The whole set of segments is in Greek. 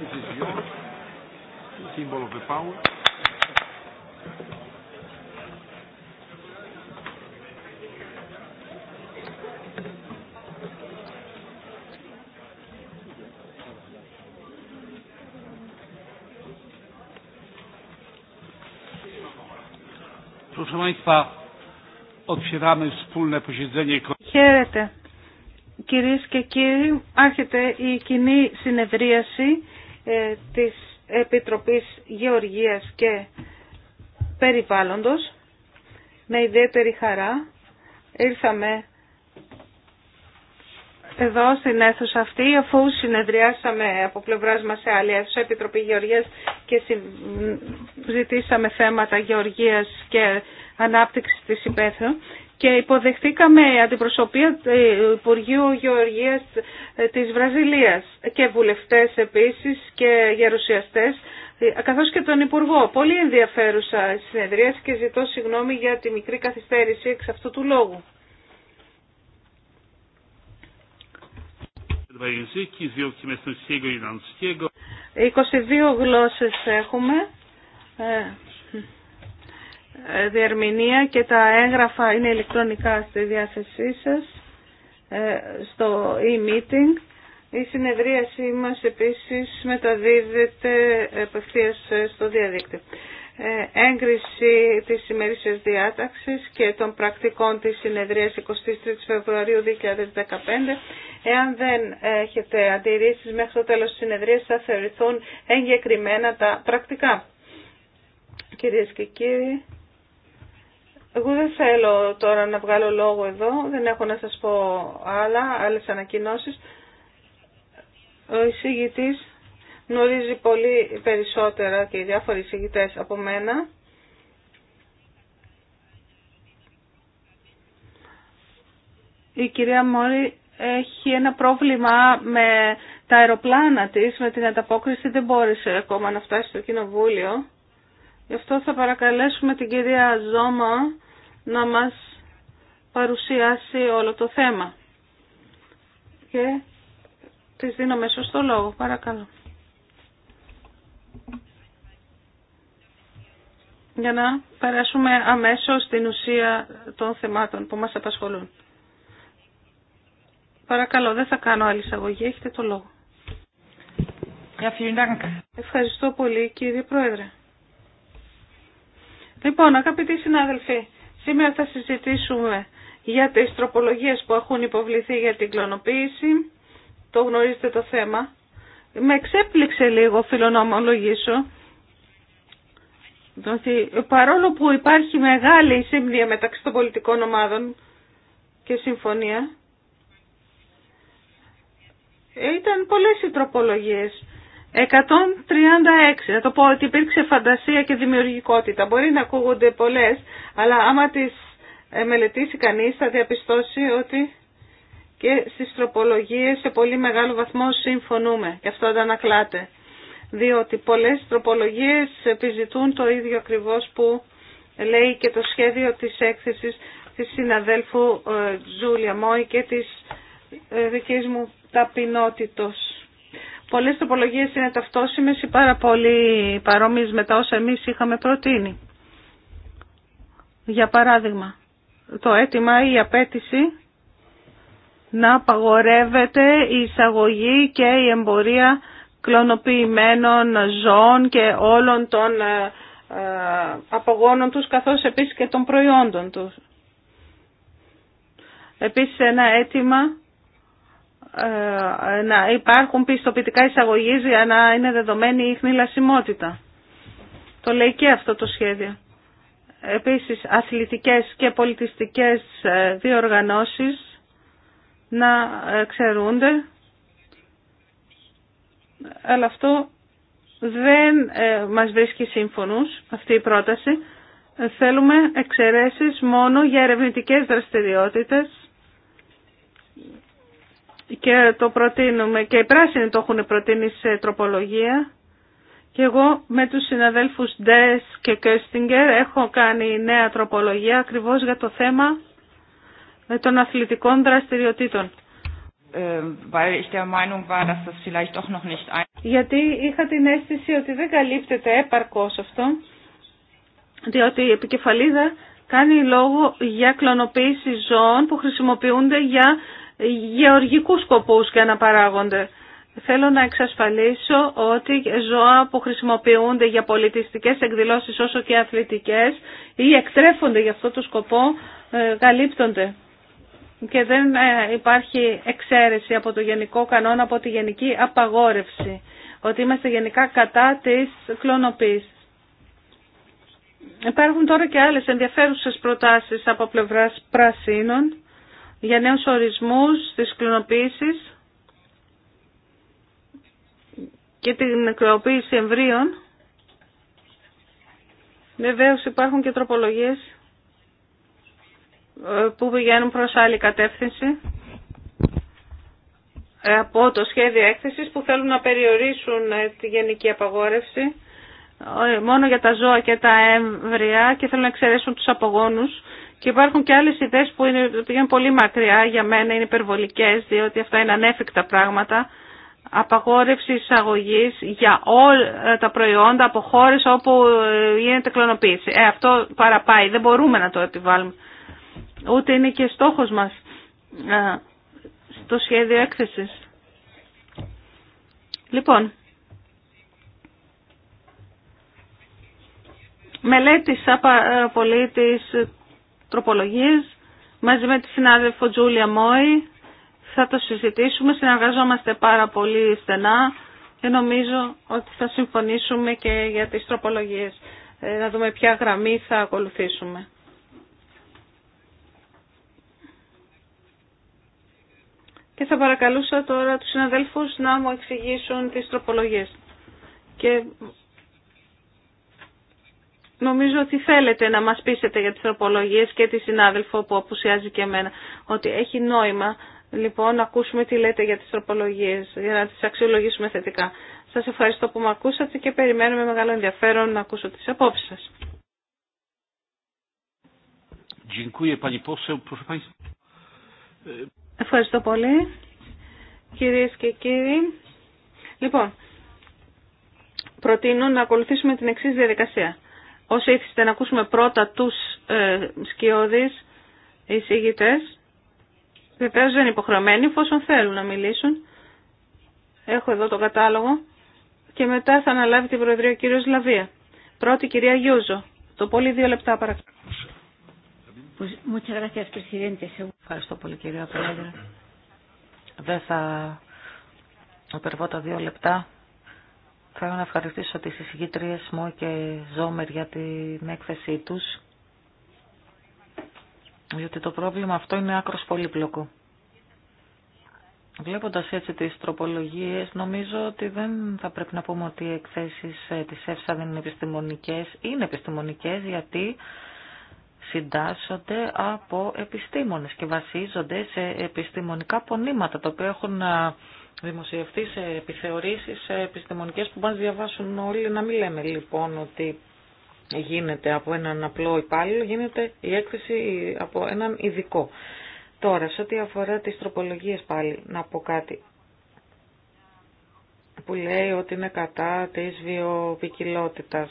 this is yours, the symbol of the power. Proszę Państwa, otwieramy wspólne posiedzenie. Χαίρετε. Κυρίες και κύριοι, άρχεται η κοινή συνεδρίαση ε, της Επιτροπής Γεωργίας και Περιβάλλοντος. Με ιδιαίτερη χαρά ήρθαμε εδώ στην αίθουσα αυτή, αφού συνεδριάσαμε από πλευράς μας σε άλλη αίθουσα, Επιτροπή Γεωργίας και ζητήσαμε θέματα γεωργίας και ανάπτυξης της υπαίθρου και υποδεχτήκαμε αντιπροσωπεία του Υπουργείου Γεωργίας της Βραζιλίας και βουλευτές επίσης και γερουσιαστές καθώς και τον Υπουργό. Πολύ ενδιαφέρουσα συνεδρία και ζητώ συγγνώμη για τη μικρή καθυστέρηση εξ αυτού του λόγου. ...22 γλώσσες έχουμε ε, διερμηνία και τα έγγραφα είναι ηλεκτρονικά στη διάθεσή σας ε, στο e-meeting. Η συνεδρίασή μας επίσης μεταδίδεται απευθείας ε, στο διαδίκτυο. Ε, έγκριση της ημερήσιας διάταξης και των πρακτικών της συνεδρίας 23 Φεβρουαρίου 2015. Εάν δεν έχετε αντιρρήσεις μέχρι το τέλος της συνεδρίας θα θεωρηθούν εγκεκριμένα τα πρακτικά. Κυρίες και κύριοι. Εγώ δεν θέλω τώρα να βγάλω λόγο εδώ, δεν έχω να σας πω άλλα, άλλες ανακοινώσεις. Ο εισηγητής γνωρίζει πολύ περισσότερα και οι διάφοροι εισηγητές από μένα. Η κυρία Μόρη έχει ένα πρόβλημα με τα αεροπλάνα της, με την ανταπόκριση δεν μπόρεσε ακόμα να φτάσει στο κοινοβούλιο. Γι' αυτό θα παρακαλέσουμε την κυρία Ζώμα να μας παρουσιάσει όλο το θέμα. Και της δίνω μέσω στο λόγο. Παρακαλώ. Για να περάσουμε αμέσως στην ουσία των θεμάτων που μας απασχολούν. Παρακαλώ, δεν θα κάνω άλλη εισαγωγή. Έχετε το λόγο. Ευχαριστώ πολύ κύριε Πρόεδρε. Λοιπόν, αγαπητοί συνάδελφοι, Σήμερα θα συζητήσουμε για τις τροπολογίες που έχουν υποβληθεί για την κλωνοποίηση. Το γνωρίζετε το θέμα. Με εξέπληξε λίγο, φίλο να ομολογήσω, ότι παρόλο που υπάρχει μεγάλη σύμβια μεταξύ των πολιτικών ομάδων και συμφωνία, ήταν πολλές οι τροπολογίες 136. Να το πω ότι υπήρξε φαντασία και δημιουργικότητα. Μπορεί να ακούγονται πολλές, αλλά άμα τις ε, μελετήσει κανείς θα διαπιστώσει ότι και στις τροπολογίες σε πολύ μεγάλο βαθμό συμφωνούμε και αυτό αντανακλάται. Διότι πολλές τροπολογίες επιζητούν το ίδιο ακριβώς που λέει και το σχέδιο της έκθεσης της συναδέλφου ε, Ζούλια Μόη και της ε, δικής μου ταπεινότητος. Πολλέ τοπολογίε είναι ταυτόχρονα ή πάρα πολύ παρόμοιε μετά όσοι είναι ταυτόσιμε ή πάρα πολύ παρομοιε με τα όσα εμείς είχαμε προτείνει. Για παράδειγμα, το αίτημα ή η απέτηση να απαγορεύεται η εισαγωγή και η εμπορία κλωνοποιημένων ζώων και όλων των ε, ε, απογόνων τους καθώς επίσης και των προϊόντων τους. Επίσης ένα αίτημα ε, να υπάρχουν πιστοποιητικά εισαγωγή για να είναι δεδομένη η χνηλασιμότητα. Το λέει και αυτό το σχέδιο. Επίσης αθλητικές και πολιτιστικές ε, διοργανώσεις να ε, ξερούνται. Αλλά αυτό δεν μας βρίσκει σύμφωνος, αυτή η πρόταση. Θέλουμε εξαιρέσεις μόνο για ερευνητικές δραστηριότητες και το προτείνουμε και οι πράσινοι το έχουν προτείνει σε τροπολογία και εγώ με τους συναδέλφους Ντες και Κέστιγκερ έχω κάνει νέα τροπολογία ακριβώς για το θέμα των αθλητικών δραστηριοτήτων. Ε, Γιατί είχα την αίσθηση ότι δεν καλύπτεται έπαρκος αυτό, διότι η επικεφαλίδα κάνει λόγο για κλωνοποίηση ζώων που χρησιμοποιούνται για γεωργικούς σκοπούς και αναπαράγονται. Θέλω να εξασφαλίσω ότι ζώα που χρησιμοποιούνται για πολιτιστικές εκδηλώσεις όσο και αθλητικές ή εκτρέφονται για αυτό το σκοπό ε, καλύπτονται και δεν ε, υπάρχει εξαίρεση από το γενικό κανόνα, από τη γενική απαγόρευση, ότι είμαστε γενικά κατά της κλωνοποίησης. Υπάρχουν τώρα και άλλες ενδιαφέρουσες προτάσεις από πλευράς πρασίνων για νέους ορισμούς της και την νεκροποίηση εμβρίων. Βεβαίω υπάρχουν και τροπολογίες ε, που πηγαίνουν προς άλλη κατεύθυνση ε, από το σχέδιο έκθεσης που θέλουν να περιορίσουν ε, τη γενική απαγόρευση μόνο για τα ζώα και τα έμβρια και θέλουν να εξαιρέσουν τους απογόνους και υπάρχουν και άλλες ιδέες που είναι, πηγαίνουν πολύ μακριά, για μένα είναι υπερβολικές, διότι αυτά είναι ανέφικτα πράγματα. Απαγόρευση εισαγωγή για όλα ε, τα προϊόντα από χώρε όπου ε, γίνεται κλωνοποίηση. Ε, αυτό παραπάει, δεν μπορούμε να το επιβάλλουμε. Ούτε είναι και στόχος μας ε, στο σχέδιο έκθεσης. Λοιπόν, μελέτησα πολύ τις τροπολογίες μαζί με τη συνάδελφο Τζούλια Μόη. Θα το συζητήσουμε, συνεργαζόμαστε πάρα πολύ στενά και νομίζω ότι θα συμφωνήσουμε και για τις τροπολογίες. Ε, να δούμε ποια γραμμή θα ακολουθήσουμε. Και θα παρακαλούσα τώρα τους συναδέλφους να μου εξηγήσουν τις τροπολογίες. Και Νομίζω ότι θέλετε να μας πείσετε για τις τροπολογίες και τη συνάδελφο που απουσιάζει και εμένα ότι έχει νόημα λοιπόν να ακούσουμε τι λέτε για τις τροπολογίες για να τις αξιολογήσουμε θετικά. Σας ευχαριστώ που με ακούσατε και περιμένουμε μεγάλο ενδιαφέρον να ακούσω τις απόψεις σας. Ευχαριστώ πολύ κυρίες και κύριοι. Λοιπόν, προτείνω να ακολουθήσουμε την εξής διαδικασία όσοι ήθιστε να ακούσουμε πρώτα τους ε, σκιώδεις εισηγητές, βεβαίως δεν είναι υποχρεωμένοι, εφόσον θέλουν να μιλήσουν. Έχω εδώ το κατάλογο και μετά θα αναλάβει την Προεδρία ο κύριος Λαβία. Πρώτη κυρία Γιούζο. Το πολύ δύο λεπτά παρακαλώ. Ευχαριστώ πολύ κυρία Πρόεδρε. Δεν θα υπερβώ τα δύο λεπτά. Θέλω να ευχαριστήσω τις εισηγήτριες μου και Ζόμερ για την έκθεσή τους, γιατί το πρόβλημα αυτό είναι άκρος πολύπλοκο. Βλέποντας έτσι τις τροπολογίες, νομίζω ότι δεν θα πρέπει να πούμε ότι οι εκθέσεις ε, της ΕΦΣΑ δεν είναι επιστημονικές. Είναι επιστημονικές γιατί συντάσσονται από επιστήμονες και βασίζονται σε επιστημονικά πονήματα, τα οποία έχουν ε, δημοσιευτεί σε επιθεωρήσεις σε επιστημονικές που μπορείς διαβάσουν όλοι. Να μην λέμε λοιπόν ότι γίνεται από έναν απλό υπάλληλο, γίνεται η έκθεση από έναν ειδικό. Τώρα, σε ό,τι αφορά τις τροπολογίες πάλι, να πω κάτι που λέει ότι είναι κατά της βιοποικιλότητας.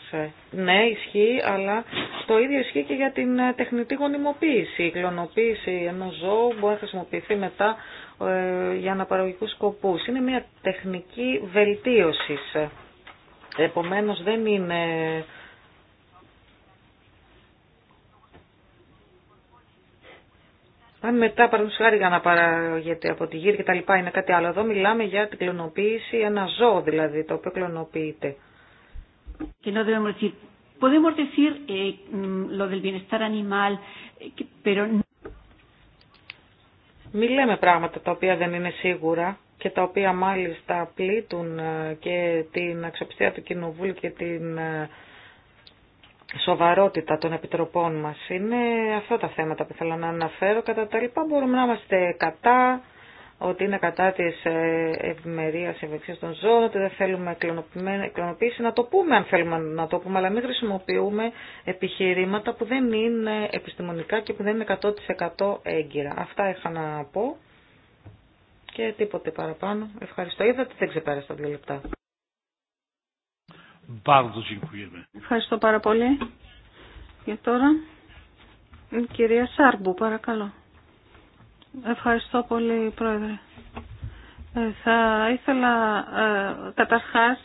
Ναι, ισχύει, αλλά το ίδιο ισχύει και για την τεχνητή γονιμοποίηση. Η κλωνοποίηση ενός ζώου μπορεί να χρησιμοποιηθεί μετά ε, για αναπαραγωγικούς σκοπούς. Είναι μια τεχνική βελτίωσης. Επομένως δεν είναι... Αν μετά παραδείγματο για να παραγωγείται από τη γύρια και τα λοιπά είναι κάτι άλλο. Εδώ μιλάμε για την κλωνοποίηση, ένα ζώο δηλαδή το οποίο κλωνοποιείται. Και να μη λέμε πράγματα τα οποία δεν είναι σίγουρα και τα οποία μάλιστα πλήττουν ε, και την αξιοπιστία του Κοινοβούλου και την ε, σοβαρότητα των επιτροπών μας. Είναι αυτά τα θέματα που θέλω να αναφέρω. Κατά τα λοιπά μπορούμε να είμαστε κατά, ότι είναι κατά τη ε, ευημερία ευεξία των ζώων, ότι δεν θέλουμε κλωνοποίηση. Να το πούμε αν θέλουμε να το πούμε, αλλά μην χρησιμοποιούμε επιχειρήματα που δεν είναι επιστημονικά και που δεν είναι 100% έγκυρα. Αυτά είχα να πω και τίποτε παραπάνω. Ευχαριστώ. Είδατε δεν ξεπέρασα δύο λεπτά. Ευχαριστώ πάρα πολύ. Και τώρα κυρία Σάρμπου, παρακαλώ. Ευχαριστώ πολύ, Πρόεδρε. Ε, θα ήθελα ε, καταρχάς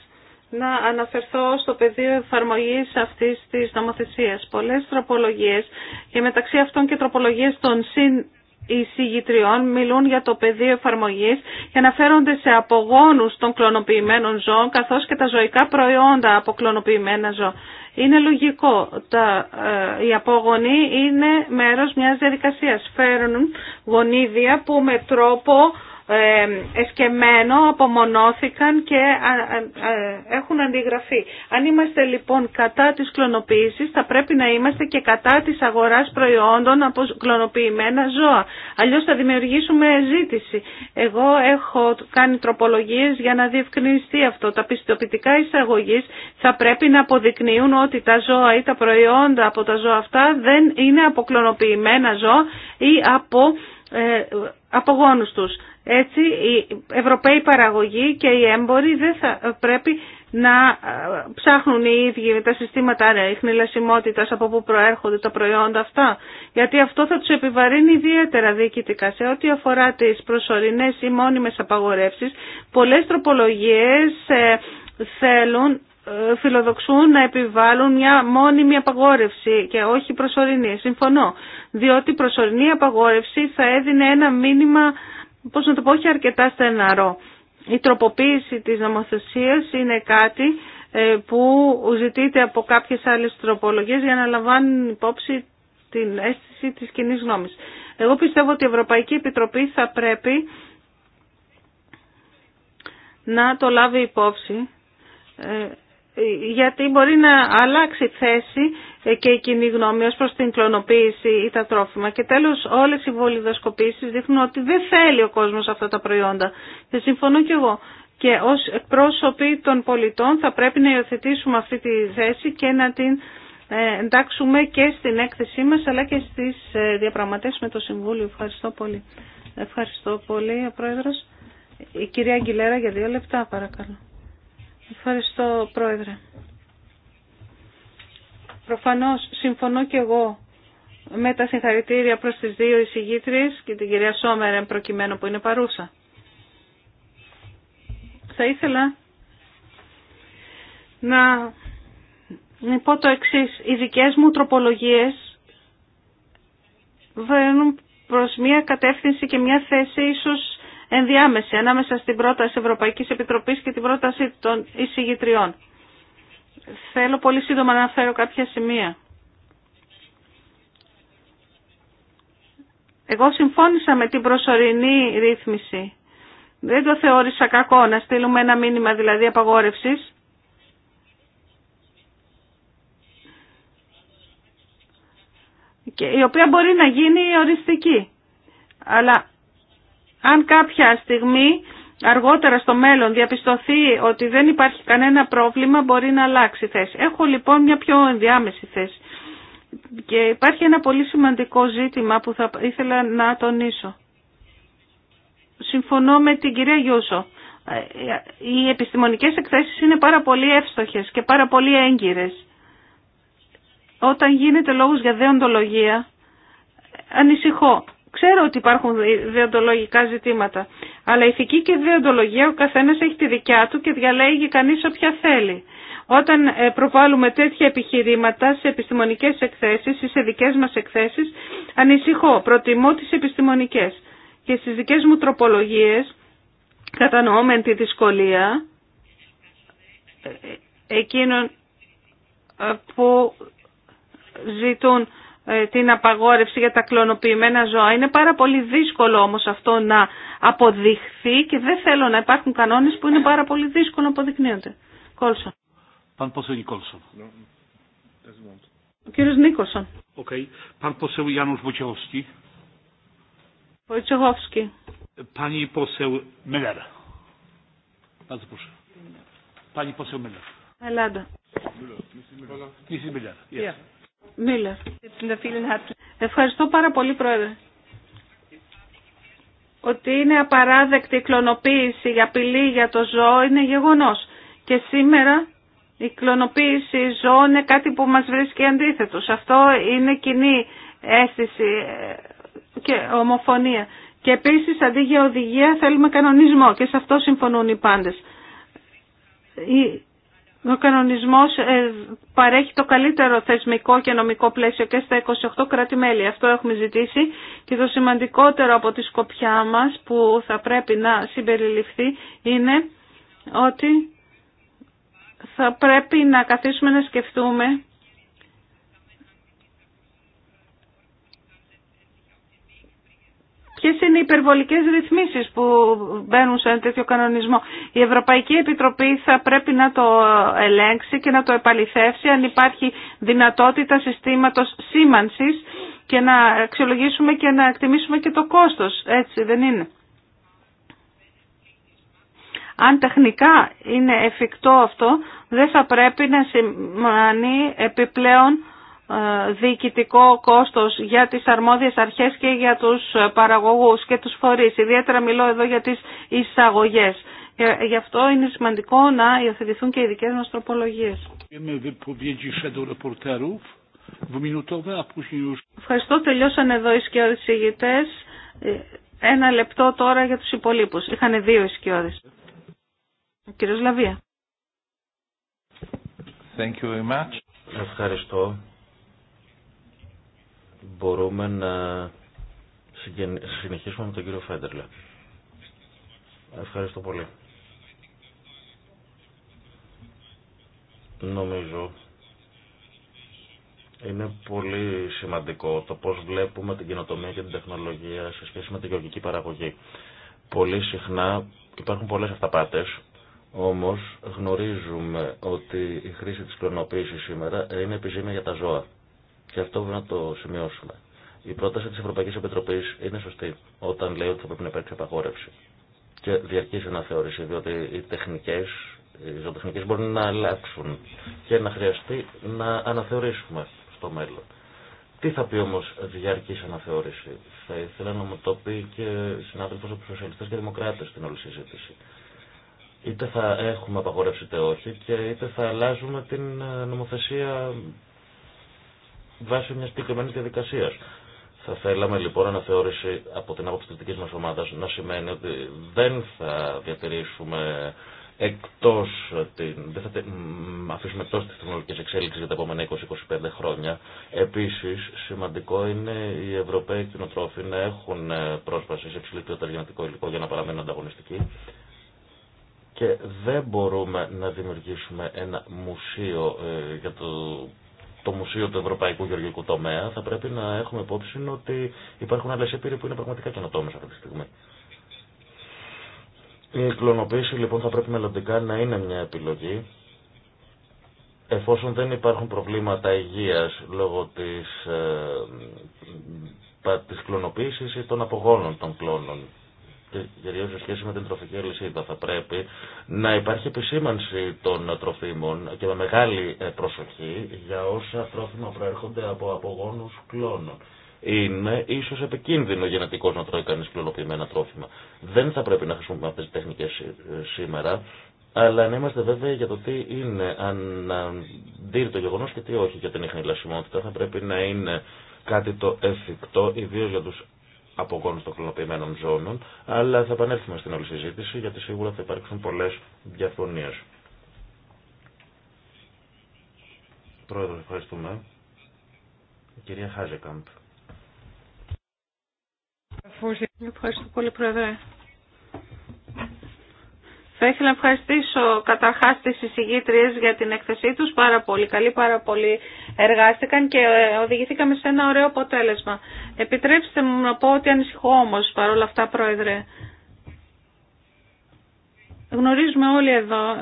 να αναφερθώ στο πεδίο εφαρμογής αυτής της νομοθεσίας. Πολλές τροπολογίες και μεταξύ αυτών και τροπολογίες των συν εισηγητριών μιλούν για το πεδίο εφαρμογής και αναφέρονται σε απογόνους των κλωνοποιημένων ζώων καθώς και τα ζωικά προϊόντα από κλωνοποιημένα ζώα. Είναι λογικό. Τα, ε, οι απογονοί είναι μέρος μιας διαδικασίας. Φέρνουν γονίδια που με τρόπο εσκεμμένο, απομονώθηκαν και έχουν αντιγραφεί. Αν είμαστε λοιπόν κατά της κλωνοποίησης θα πρέπει να είμαστε και κατά της αγοράς προϊόντων από κλωνοποιημένα ζώα. Αλλιώς θα δημιουργήσουμε ζήτηση. Εγώ έχω κάνει τροπολογίες για να διευκρινιστεί αυτό. Τα πιστοποιητικά εισαγωγής θα πρέπει να αποδεικνύουν ότι τα ζώα ή τα προϊόντα από τα ζώα αυτά δεν είναι κλωνοποιημένα ζώα ή από ε, απογόνους τους. Έτσι οι Ευρωπαίοι παραγωγοί και οι έμποροι δεν θα ε, πρέπει να ε, ψάχνουν οι ίδιοι τα συστήματα ρεχνηλασιμότητας από που προέρχονται τα προϊόντα αυτά. Γιατί αυτό θα τους επιβαρύνει ιδιαίτερα διοικητικά. Σε ό,τι αφορά τις προσωρινές ή μόνιμες απαγορεύσεις, πολλές τροπολογίες ε, θέλουν φιλοδοξούν να επιβάλλουν μια μόνιμη απαγόρευση και όχι προσωρινή. Συμφωνώ, διότι προσωρινή απαγόρευση θα έδινε ένα μήνυμα πώς να το πω, όχι αρκετά στεναρό. Η τροποποίηση της νομοθεσίας είναι κάτι ε, που ζητείται από κάποιες άλλες τροπολογίες για να λαμβάνουν υπόψη την αίσθηση της κοινή γνώμης. Εγώ πιστεύω ότι η Ευρωπαϊκή Επιτροπή θα πρέπει να το λάβει υπόψη ε, γιατί μπορεί να αλλάξει θέση ε, και η κοινή γνώμη ως προς την κλωνοποίηση ή τα τρόφιμα. Και τέλος όλες οι βολιδοσκοπήσεις δείχνουν ότι δεν θέλει ο κόσμος αυτά τα προϊόντα. Και συμφωνώ κι εγώ. Και ως εκπρόσωποι των πολιτών θα πρέπει να υιοθετήσουμε αυτή τη θέση και να την ε, εντάξουμε και στην έκθεσή μας αλλά και στις ε, διαπραγματεύσεις με το Συμβούλιο. Ευχαριστώ πολύ. Ευχαριστώ πολύ, ο Πρόεδρος. Η κυρία Αγγιλέρα για δύο λεπτά, παρακαλώ. Ευχαριστώ, Πρόεδρε. Προφανώς συμφωνώ και εγώ με τα συγχαρητήρια προς τις δύο εισηγήτριες και την κυρία Σόμερεν προκειμένου που είναι παρούσα. Θα ήθελα να πω το εξής. Οι δικές μου τροπολογίες βαίνουν προς μια κατεύθυνση και μια θέση ίσως ενδιάμεση ανάμεσα στην πρόταση Ευρωπαϊκής Επιτροπής και την πρόταση των εισηγητριών. Θέλω πολύ σύντομα να αναφέρω κάποια σημεία. Εγώ συμφώνησα με την προσωρινή ρύθμιση. Δεν το θεώρησα κακό να στείλουμε ένα μήνυμα δηλαδή απαγόρευσης. η οποία μπορεί να γίνει οριστική. Αλλά αν κάποια στιγμή αργότερα στο μέλλον διαπιστωθεί ότι δεν υπάρχει κανένα πρόβλημα μπορεί να αλλάξει θέση. Έχω λοιπόν μια πιο ενδιάμεση θέση. Και υπάρχει ένα πολύ σημαντικό ζήτημα που θα ήθελα να τονίσω. Συμφωνώ με την κυρία Γιούσο. Ε, οι επιστημονικές εκθέσεις είναι πάρα πολύ εύστοχες και πάρα πολύ έγκυρες. Όταν γίνεται λόγος για δεοντολογία, ανησυχώ. Ξέρω ότι υπάρχουν διοντολογικά ζητήματα, αλλά ηθική και διοντολογία ο καθένας έχει τη δικιά του και διαλέγει κανείς όποια θέλει. Όταν ε, προβάλλουμε τέτοια επιχειρήματα σε επιστημονικές εκθέσεις ή σε δικές μας εκθέσεις, ανησυχώ, προτιμώ τις επιστημονικές. Και στις δικές μου τροπολογίες, κατανοώμεν τη δυσκολία ε, ε, εκείνων που ζητούν ε, την απαγόρευση για τα κλωνοποιημένα ζώα. Είναι πάρα πολύ δύσκολο όμως αυτό να αποδειχθεί και δεν θέλω να υπάρχουν κανόνες που είναι πάρα πολύ δύσκολο να αποδεικνύονται. Κόλσον. Pan poseł Ο κύριος Νίκολσον. Οκ. Pan poseł Janusz Wojciechowski. Wojciechowski. Pani poseł Ευχαριστώ πάρα πολύ, Πρόεδρε. Ότι είναι απαράδεκτη η κλωνοποίηση, η απειλή για το ζώο είναι γεγονός. Και σήμερα η κλωνοποίηση ζώων είναι κάτι που μας βρίσκει αντίθετος. Αυτό είναι κοινή αίσθηση ε, και ομοφωνία. Και επίσης αντί για οδηγία θέλουμε κανονισμό και σε αυτό συμφωνούν οι πάντες. Ο κανονισμός ε, παρέχει το καλύτερο θεσμικό και νομικό πλαίσιο και στα 28 κράτη-μέλη. Αυτό έχουμε ζητήσει και το σημαντικότερο από τη σκοπιά μας που θα πρέπει να συμπεριληφθεί είναι ότι θα πρέπει να καθίσουμε να σκεφτούμε ποιε είναι οι υπερβολικές ρυθμίσεις που μπαίνουν σε ένα τέτοιο κανονισμό. Η Ευρωπαϊκή Επιτροπή θα πρέπει να το ελέγξει και να το επαληθεύσει αν υπάρχει δυνατότητα συστήματος σήμανση και να αξιολογήσουμε και να εκτιμήσουμε και το κόστος. Έτσι δεν είναι. Αν τεχνικά είναι εφικτό αυτό, δεν θα πρέπει να σημάνει επιπλέον ε, διοικητικό κόστος για τις αρμόδιες αρχές και για τους παραγωγούς και τους φορείς. Ιδιαίτερα μιλώ εδώ για τις εισαγωγές. Ε, γι' αυτό είναι σημαντικό να υιοθετηθούν και οι δικές μας τροπολογίες. Ευχαριστώ. Τελειώσαν εδώ οι σκιώδεις ηγητές. Ε, ένα λεπτό τώρα για τους υπολείπους. Είχαν δύο οι σκιώδεις. Ο κύριος Λαβία. Ευχαριστώ μπορούμε να συνεχίσουμε με τον κύριο Φέντερλε. Ευχαριστώ πολύ. Νομίζω είναι πολύ σημαντικό το πώς βλέπουμε την κοινοτομία και την τεχνολογία σε σχέση με την γεωργική παραγωγή. Πολύ συχνά υπάρχουν πολλές αυταπάτες, όμως γνωρίζουμε ότι η χρήση της κλωνοποίησης σήμερα είναι επιζήμια για τα ζώα. Και αυτό πρέπει να το σημειώσουμε. Η πρόταση τη Ευρωπαϊκή Επιτροπή είναι σωστή όταν λέει ότι θα πρέπει να υπάρξει απαγόρευση και διαρκή αναθεώρηση, διότι οι τεχνικέ οι ζωοτεχνικέ μπορεί να αλλάξουν και να χρειαστεί να αναθεωρήσουμε στο μέλλον. Τι θα πει όμω διαρκή αναθεώρηση. Θα ήθελα να μου το πει και συνάδελφο από του Σοσιαλιστέ και Δημοκράτε στην όλη συζήτηση. Είτε θα έχουμε απαγορεύσει είτε όχι και είτε θα αλλάζουμε την νομοθεσία βάσει μια συγκεκριμένη διαδικασία. Θα θέλαμε λοιπόν αναθεώρηση από την άποψη τη δική μα ομάδα να σημαίνει ότι δεν θα διατηρήσουμε εκτό. την, δεν θα αφήσουμε εκτό τις τεχνολογική εξέλιξη για τα επόμενα 20-25 χρόνια. Επίση, σημαντικό είναι οι Ευρωπαίοι κτηνοτρόφοι να έχουν ε, πρόσβαση σε υψηλή ποιότητα γενετικό υλικό για να παραμένουν ανταγωνιστικοί. Και δεν μπορούμε να δημιουργήσουμε ένα μουσείο ε, για το το Μουσείο του Ευρωπαϊκού Γεωργικού Τομέα, θα πρέπει να έχουμε υπόψη ότι υπάρχουν άλλε ήπειροι που είναι πραγματικά καινοτόμε αυτή τη στιγμή. Η κλωνοποίηση λοιπόν θα πρέπει μελλοντικά να είναι μια επιλογή εφόσον δεν υπάρχουν προβλήματα υγείας λόγω της, ε, της κλωνοποίησης ή των απογόνων των κλώνων και κυρίω σε σχέση με την τροφική αλυσίδα. Θα πρέπει να υπάρχει επισήμανση των τροφίμων και με μεγάλη ε, προσοχή για όσα τρόφιμα προέρχονται από απογόνους κλώνων. Είναι ίσω επικίνδυνο γενετικό να τρώει κανεί κλωνοποιημένα τρόφιμα. Δεν θα πρέπει να χρησιμοποιούμε αυτέ τι τεχνικέ ε, σήμερα, αλλά να είμαστε βέβαιοι για το τι είναι το γεγονό και τι όχι για την ειχνηλασιμότητα, Θα πρέπει να είναι κάτι το εφικτό, ιδίω για του απογόνους των κλωνοποιημένων ζώνων, αλλά θα επανέλθουμε στην όλη συζήτηση γιατί σίγουρα θα υπάρξουν πολλές διαφωνίες. Πρόεδρο, ευχαριστούμε. Η κυρία Χάζεκαμπ. Ευχαριστώ πολύ, Πρόεδρε. Θα ήθελα να ευχαριστήσω καταρχά τι εισηγήτριες για την έκθεσή τους. Πάρα πολύ καλοί, πάρα πολύ εργάστηκαν και ε, οδηγηθήκαμε σε ένα ωραίο αποτέλεσμα. Επιτρέψτε μου να πω ότι ανησυχώ όμω παρόλα αυτά, Πρόεδρε. Γνωρίζουμε όλοι εδώ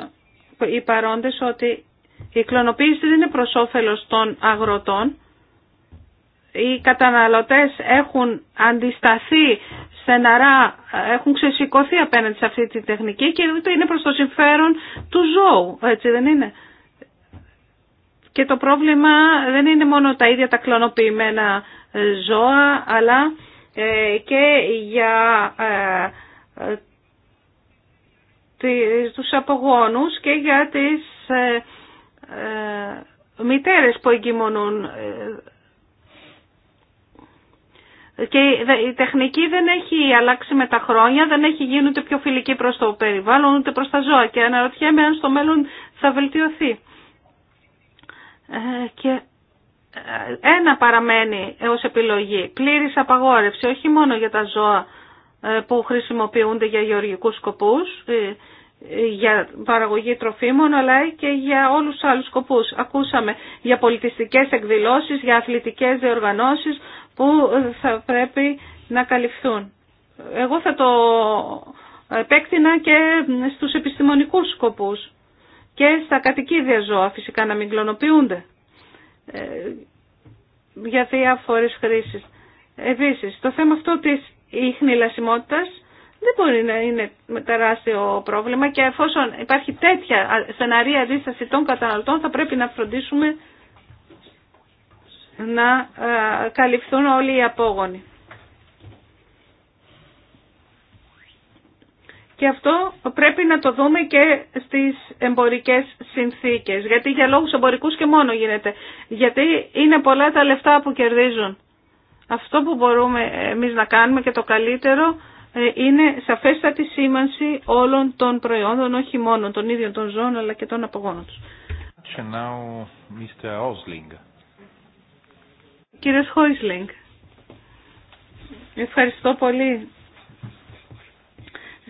οι παρόντε, ότι η κλωνοποίηση δεν είναι προ όφελο των αγροτών. Οι καταναλωτές έχουν αντισταθεί στεναρά ε, έχουν ξεσηκωθεί απέναντι σε αυτή τη τεχνική και είναι προς το συμφέρον του ζώου, έτσι δεν είναι. Και το πρόβλημα δεν είναι μόνο τα ίδια τα κλωνοποιημένα ε, ζώα, αλλά ε, και για τους απογόνους και για τις μητέρες που εγκυμονούν και η τεχνική δεν έχει αλλάξει με τα χρόνια, δεν έχει γίνει ούτε πιο φιλική προς το περιβάλλον, ούτε προ τα ζώα. Και αναρωτιέμαι αν στο μέλλον θα βελτιωθεί. Ε, και ε, ένα παραμένει ως επιλογή. Πλήρης απαγόρευση, όχι μόνο για τα ζώα ε, που χρησιμοποιούνται για γεωργικούς σκοπούς, για παραγωγή τροφίμων αλλά και για όλους τους άλλους σκοπούς. Ακούσαμε για πολιτιστικές εκδηλώσεις, για αθλητικές διοργανώσεις που θα πρέπει να καλυφθούν. Εγώ θα το επέκτηνα και στους επιστημονικούς σκοπούς και στα κατοικίδια ζώα φυσικά να μην κλωνοποιούνται ε, για διάφορες χρήσεις. Επίσης, το θέμα αυτό της ίχνηλασιμότητας δεν μπορεί να είναι τεράστιο πρόβλημα και εφόσον υπάρχει τέτοια στεναρή αντίσταση των καταναλωτών θα πρέπει να φροντίσουμε να ε, καλυφθούν όλοι οι απόγονοι. Και αυτό πρέπει να το δούμε και στις εμπορικές συνθήκες, γιατί για λόγους εμπορικούς και μόνο γίνεται. Γιατί είναι πολλά τα λεφτά που κερδίζουν. Αυτό που μπορούμε εμείς να κάνουμε και το καλύτερο ε, είναι σαφέστατη σήμανση όλων των προϊόντων, όχι μόνο των ίδιων των ζώων, αλλά και των απογόνων τους. Κύριε Χόισλινγκ, ευχαριστώ πολύ.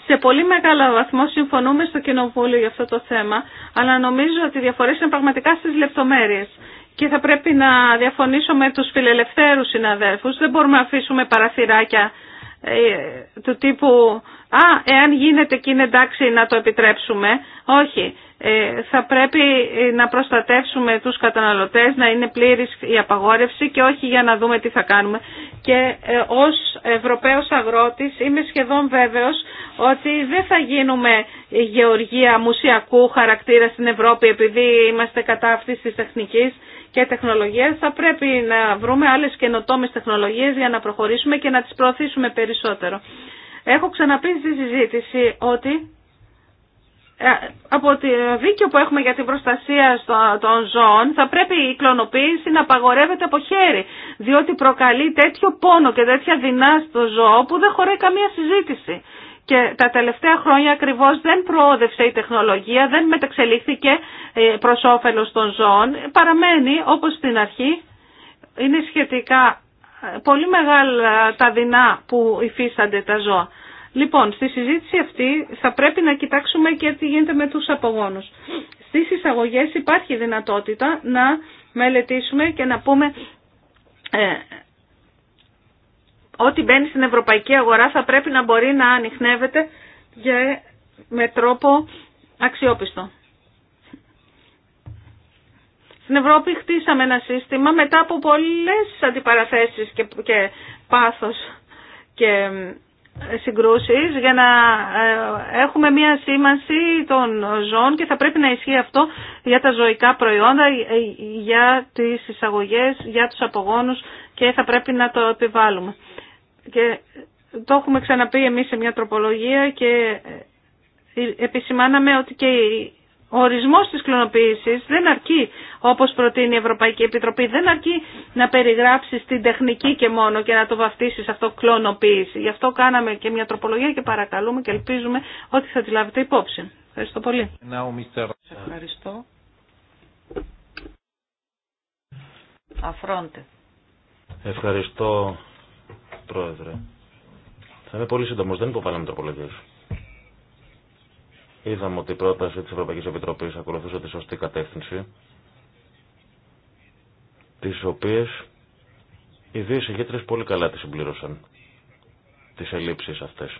Σε πολύ μεγάλο βαθμό συμφωνούμε στο Κοινοβούλιο για αυτό το θέμα, αλλά νομίζω ότι οι διαφορές είναι πραγματικά στις λεπτομέρειες. Και θα πρέπει να διαφωνήσω με τους φιλελευθέρους συναδέλφους. Δεν μπορούμε να αφήσουμε παραθυράκια ε, του τύπου «Α, εάν γίνεται και είναι εντάξει να το επιτρέψουμε». Όχι, ε, θα πρέπει να προστατεύσουμε τους καταναλωτές, να είναι πλήρης η απαγόρευση και όχι για να δούμε τι θα κάνουμε. Και ε, ως Ευρωπαίος αγρότης είμαι σχεδόν βέβαιος ότι δεν θα γίνουμε γεωργία μουσιακού χαρακτήρα στην Ευρώπη επειδή είμαστε κατά αυτής της τεχνικής και τεχνολογίες θα πρέπει να βρούμε άλλες καινοτόμες τεχνολογίες για να προχωρήσουμε και να τις προωθήσουμε περισσότερο. Έχω ξαναπεί στη συζήτηση ότι ε, από το δίκαιο που έχουμε για την προστασία των ζώων θα πρέπει η κλωνοποίηση να απαγορεύεται από χέρι διότι προκαλεί τέτοιο πόνο και τέτοια δεινά στο ζώο που δεν χωράει καμία συζήτηση και τα τελευταία χρόνια ακριβώς δεν προόδευσε η τεχνολογία, δεν μεταξελίχθηκε ε, προς όφελος των ζώων. Παραμένει, όπως στην αρχή, είναι σχετικά ε, πολύ μεγάλα τα δεινά που υφίστανται τα ζώα. Λοιπόν, στη συζήτηση αυτή θα πρέπει να κοιτάξουμε και τι γίνεται με τους απογόνους. Στις εισαγωγές υπάρχει δυνατότητα να μελετήσουμε και να πούμε ε, ό,τι μπαίνει στην ευρωπαϊκή αγορά θα πρέπει να μπορεί να ανοιχνεύεται για, με τρόπο αξιόπιστο. Στην Ευρώπη χτίσαμε ένα σύστημα μετά από πολλές αντιπαραθέσεις και, και πάθος και ε, συγκρούσεις για να ε, έχουμε μία σήμανση των ζώων και θα πρέπει να ισχύει αυτό για τα ζωικά προϊόντα, ε, για τις εισαγωγές, για τους απογόνους και θα πρέπει να το επιβάλλουμε. Και το έχουμε ξαναπεί εμείς σε μια τροπολογία και ε, επισημάναμε ότι και ο ορισμός της κλωνοποίησης δεν αρκεί, όπως προτείνει η Ευρωπαϊκή Επιτροπή, δεν αρκεί να περιγράψεις την τεχνική και μόνο και να το βαφτίσεις αυτό κλωνοποίηση. Γι' αυτό κάναμε και μια τροπολογία και παρακαλούμε και ελπίζουμε ότι θα τη λάβετε υπόψη. Ευχαριστώ πολύ. Ευχαριστώ. Αφρόντε. Ευχαριστώ Πρόεδρε. Θα είμαι πολύ σύντομο, δεν υποβάλαμε τροπολογίε. Είδαμε ότι η πρόταση τη Ευρωπαϊκή Επιτροπή ακολουθούσε τη σωστή κατεύθυνση, τι οποίε οι δύο συγγέτρε πολύ καλά τι συμπλήρωσαν, τι ελλείψει αυτέ.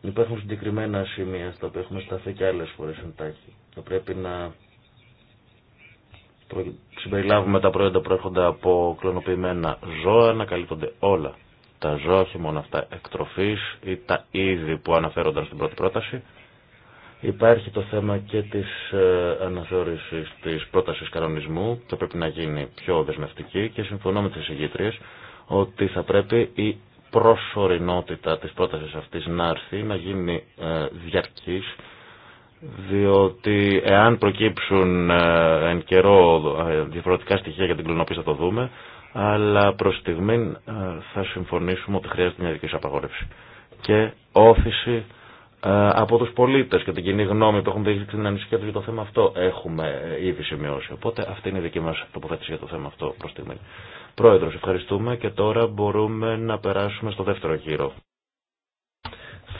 Υπάρχουν συγκεκριμένα σημεία στα οποία έχουμε σταθεί και άλλε φορέ εντάχει. Θα πρέπει να συμπεριλάβουμε τα προϊόντα που έρχονται από κλωνοποιημένα ζώα, να καλύπτονται όλα τα ζώα, όχι μόνο αυτά εκτροφής ή τα είδη που αναφέρονταν στην πρώτη πρόταση. Υπάρχει το θέμα και της ε, αναθεώρησης της πρότασης κανονισμού, το πρέπει να γίνει πιο δεσμευτική και συμφωνώ με τις εισηγήτριες ότι θα πρέπει η προσωρινότητα της πρότασης αυτής να έρθει, να γίνει ε, διαρκής διότι εάν προκύψουν ε, εν καιρό ε, διαφορετικά στοιχεία για την κλωνοποίηση θα το δούμε, αλλά προ στιγμή ε, θα συμφωνήσουμε ότι χρειάζεται μια δική απαγόρευση. Και όθηση από τους πολίτες και την κοινή γνώμη που έχουν δείξει την ανησυχία του για το θέμα αυτό έχουμε ήδη σημειώσει. Οπότε αυτή είναι η δική μας τοποθέτηση για το θέμα αυτό προς στιγμή. Πρόεδρος, ευχαριστούμε και τώρα μπορούμε να περάσουμε στο δεύτερο γύρο.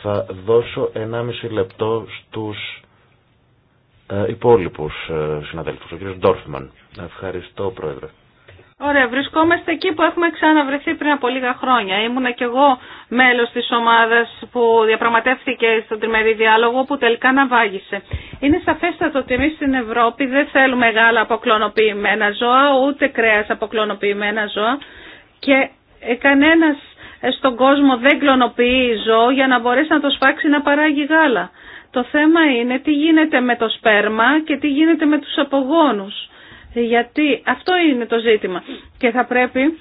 Θα δώσω 1,5 λεπτό στους ε, υπόλοιπους ε, συναδέλφου, ο κ. Ντόρφμαν. Ευχαριστώ, Πρόεδρε. Ωραία, βρισκόμαστε εκεί που έχουμε ξαναβρεθεί πριν από λίγα χρόνια. Ήμουνα κι εγώ μέλο τη ομάδα που διαπραγματεύτηκε στον τριμερή διάλογο που τελικά ναυάγησε. Είναι σαφέστατο ότι εμεί στην Ευρώπη δεν θέλουμε γάλα αποκλωνοποιημένα ζώα, ούτε κρέα αποκλωνοποιημένα ζώα και ε, κανένα στον κόσμο δεν κλωνοποιεί ζώο για να μπορέσει να το σφάξει να παράγει γάλα. Το θέμα είναι τι γίνεται με το σπέρμα και τι γίνεται με τους απογόνους. Γιατί αυτό είναι το ζήτημα. Και θα πρέπει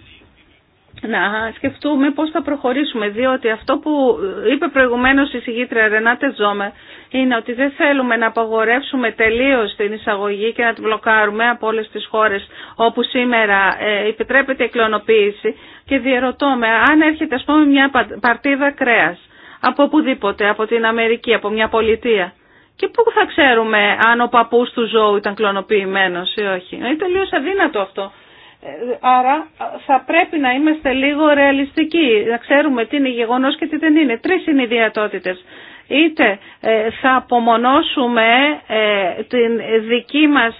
να σκεφτούμε πώς θα προχωρήσουμε, διότι αυτό που είπε προηγουμένως η συγγήτρια Ρενάτε ζόμε είναι ότι δεν θέλουμε να απαγορεύσουμε τελείως την εισαγωγή και να την μπλοκάρουμε από όλες τις χώρες όπου σήμερα ε, επιτρέπεται η κλωνοποίηση και διερωτώ με αν έρχεται ας πούμε μια παρτίδα κρέας από οπουδήποτε, από την Αμερική, από μια πολιτεία. Και πού θα ξέρουμε αν ο παππούς του ζώου ήταν κλωνοποιημένος ή όχι. Είναι τελείως αδύνατο αυτό. Ε, άρα θα πρέπει να είμαστε λίγο ρεαλιστικοί, να ξέρουμε τι είναι γεγονός και τι δεν είναι. Τρεις είναι οι Είτε ε, θα απομονώσουμε ε, την δική μας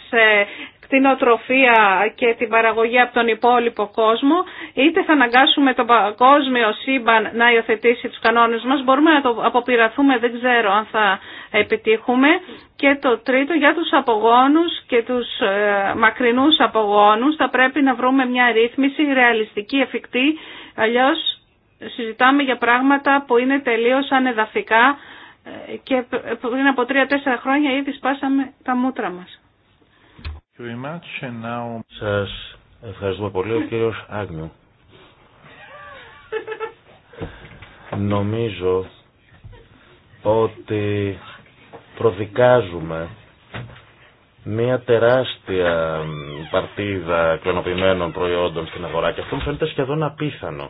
την οτροφία και την παραγωγή από τον υπόλοιπο κόσμο, είτε θα αναγκάσουμε το παγκόσμιο σύμπαν να υιοθετήσει τους κανόνες μας, μπορούμε να το αποπειραθούμε, δεν ξέρω αν θα επιτύχουμε. Και το τρίτο, για τους απογόνους και τους ε, μακρινούς απογόνους, θα πρέπει να βρούμε μια ρύθμιση ρεαλιστική, εφικτή, αλλιώς συζητάμε για πράγματα που είναι τελείως ανεδαφικά ε, και πριν από τρία-τέσσερα χρόνια ήδη σπάσαμε τα μούτρα μας. Σας ευχαριστούμε πολύ ο κύριος Άγνιου. Νομίζω ότι προδικάζουμε μια τεράστια παρτίδα κλωνοποιημένων προϊόντων στην αγορά και αυτό μου φαίνεται σχεδόν απίθανο.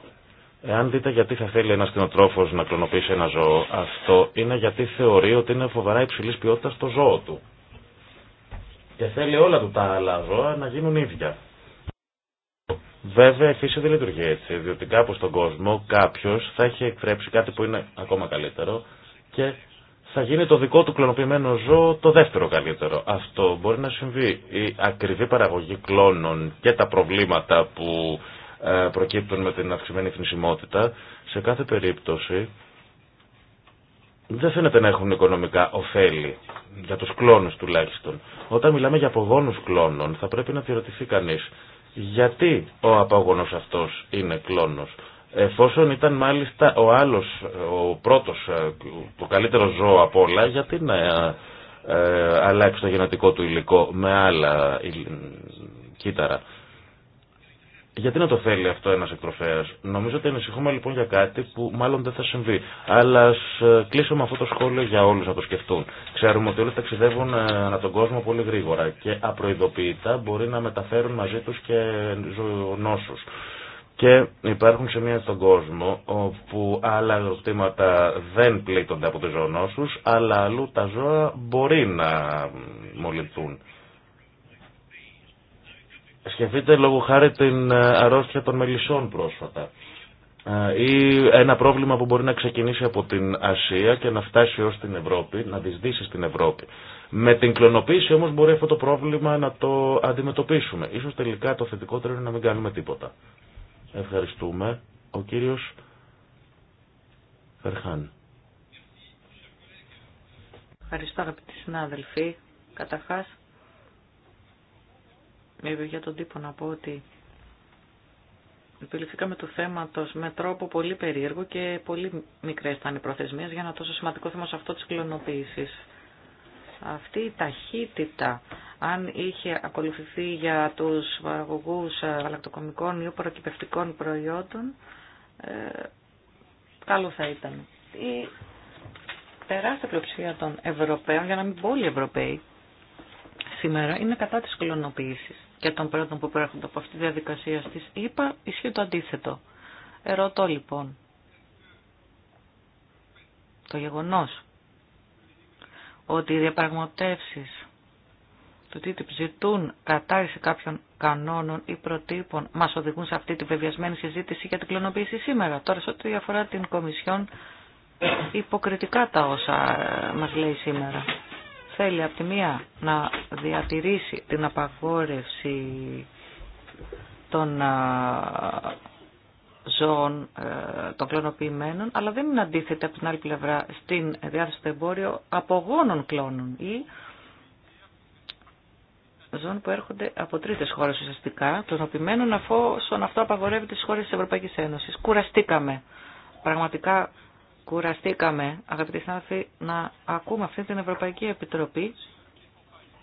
Εάν δείτε γιατί θα θέλει ένας κτηνοτρόφος να κλωνοποιήσει ένα ζώο, αυτό είναι γιατί θεωρεί ότι είναι φοβάρα υψηλής ποιότητας το ζώο του. Και θέλει όλα του τα άλλα ζώα να γίνουν ίδια. Βέβαια η φύση δεν λειτουργεί έτσι, διότι κάπου στον κόσμο κάποιο θα έχει εκτρέψει κάτι που είναι ακόμα καλύτερο και θα γίνει το δικό του κλωνοποιημένο ζώο το δεύτερο καλύτερο. Αυτό μπορεί να συμβεί. Η ακριβή παραγωγή κλώνων και τα προβλήματα που ε, προκύπτουν με την αυξημένη θνησιμότητα, σε κάθε περίπτωση δεν φαίνεται να έχουν οικονομικά ωφέλη, για τους κλόνους τουλάχιστον. Όταν μιλάμε για απογόνους κλόνων θα πρέπει να διερωτηθεί κανείς γιατί ο απόγονος αυτός είναι κλόνος. Εφόσον ήταν μάλιστα ο άλλος, ο πρώτος, ε, το καλύτερο ζώο από όλα, γιατί να ε, ε, αλλάξει το γενετικό του υλικό με άλλα κύτταρα. Γιατί να το θέλει αυτό ένας εκτροφέας. Νομίζω ότι ανησυχούμε λοιπόν για κάτι που μάλλον δεν θα συμβεί. Αλλά ας ε, κλείσω αυτό το σχόλιο για όλους να το σκεφτούν. Ξέρουμε ότι όλοι ταξιδεύουν ε, ανά τον κόσμο πολύ γρήγορα και απροειδοποιητά μπορεί να μεταφέρουν μαζί τους και νόσους. Και υπάρχουν σε σημεία στον κόσμο όπου άλλα αγροκτήματα δεν πλήττονται από τις ζωονόσους, αλλά αλλού τα ζώα μπορεί να μολυνθούν. Σκεφτείτε λόγω χάρη την ε, αρρώστια των μελισσών πρόσφατα ε, ή ένα πρόβλημα που μπορεί να ξεκινήσει από την Ασία και να φτάσει ως την Ευρώπη, να δυσδύσει στην Ευρώπη. Με την κλωνοποίηση όμως μπορεί αυτό το πρόβλημα να το αντιμετωπίσουμε. Ίσως τελικά το θετικότερο είναι να μην κάνουμε τίποτα. Ευχαριστούμε. Ο κύριος Φερχάν. Ευχαριστώ αγαπητοί συνάδελφοι. Καταρχάς με για τον τύπο να πω ότι επιληφθήκαμε του θέματος με τρόπο πολύ περίεργο και πολύ μικρές ήταν οι προθεσμίες για ένα τόσο σημαντικό θέμα σε αυτό της κλωνοποίησης. Αυτή η ταχύτητα, αν είχε ακολουθηθεί για τους παραγωγούς ε, γαλακτοκομικών ή προκυπευτικών προϊόντων, ε, καλό θα ήταν. Η τεράστια πλειοψηφία των Ευρωπαίων, για να μην πω όλοι Ευρωπαίοι, σήμερα είναι κατά της κλωνοποίησης και των πρώτων που προέρχονται από αυτή τη διαδικασία τη είπα ισχύει το αντίθετο. Ερωτώ λοιπόν το γεγονό ότι οι διαπραγματεύσει του TTIP ζητούν κατάρριση κάποιων κανόνων ή προτύπων μας οδηγούν σε αυτή τη βεβαιασμένη συζήτηση για την κλωνοποίηση σήμερα. Τώρα σε ό,τι αφορά την Κομισιόν υποκριτικά τα όσα μα λέει σήμερα θέλει από τη μία να διατηρήσει την απαγόρευση των ζώων ε, των κλωνοποιημένων, αλλά δεν είναι αντίθετα από την άλλη πλευρά στην διάθεση του εμπόριο απογόνων κλώνων ή ζώων που έρχονται από τρίτες χώρες ουσιαστικά, κλωνοποιημένων αφού αυτό απαγορεύεται στις χώρες της Ευρωπαϊκής Ένωσης. Κουραστήκαμε. Πραγματικά κουραστήκαμε, αγαπητοί συνάδελφοι, να ακούμε αυτή την Ευρωπαϊκή Επιτροπή,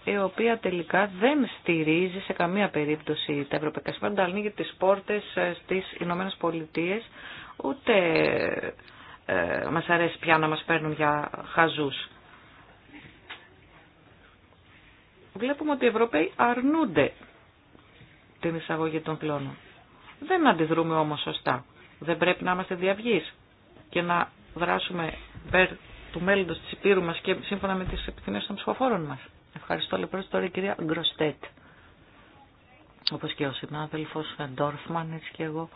η οποία τελικά δεν στηρίζει σε καμία περίπτωση τα ευρωπαϊκά συμφέροντα, ανοίγει τις πόρτες ε, στις Ηνωμένες Πολιτείες, ούτε ε, μας αρέσει πια να μας παίρνουν για χαζούς. Βλέπουμε ότι οι Ευρωπαίοι αρνούνται την εισαγωγή των κλώνων. Δεν αντιδρούμε όμως σωστά. Δεν πρέπει να είμαστε διαυγείς και να δράσουμε υπέρ του μέλλοντος της υπήρου μας και σύμφωνα με τις επιθυμίες των ψηφοφόρων μας. Ευχαριστώ λοιπόν τώρα η κυρία Γκροστέτ. Όπως και ο συνάδελφος Ντόρφμαν, έτσι και εγώ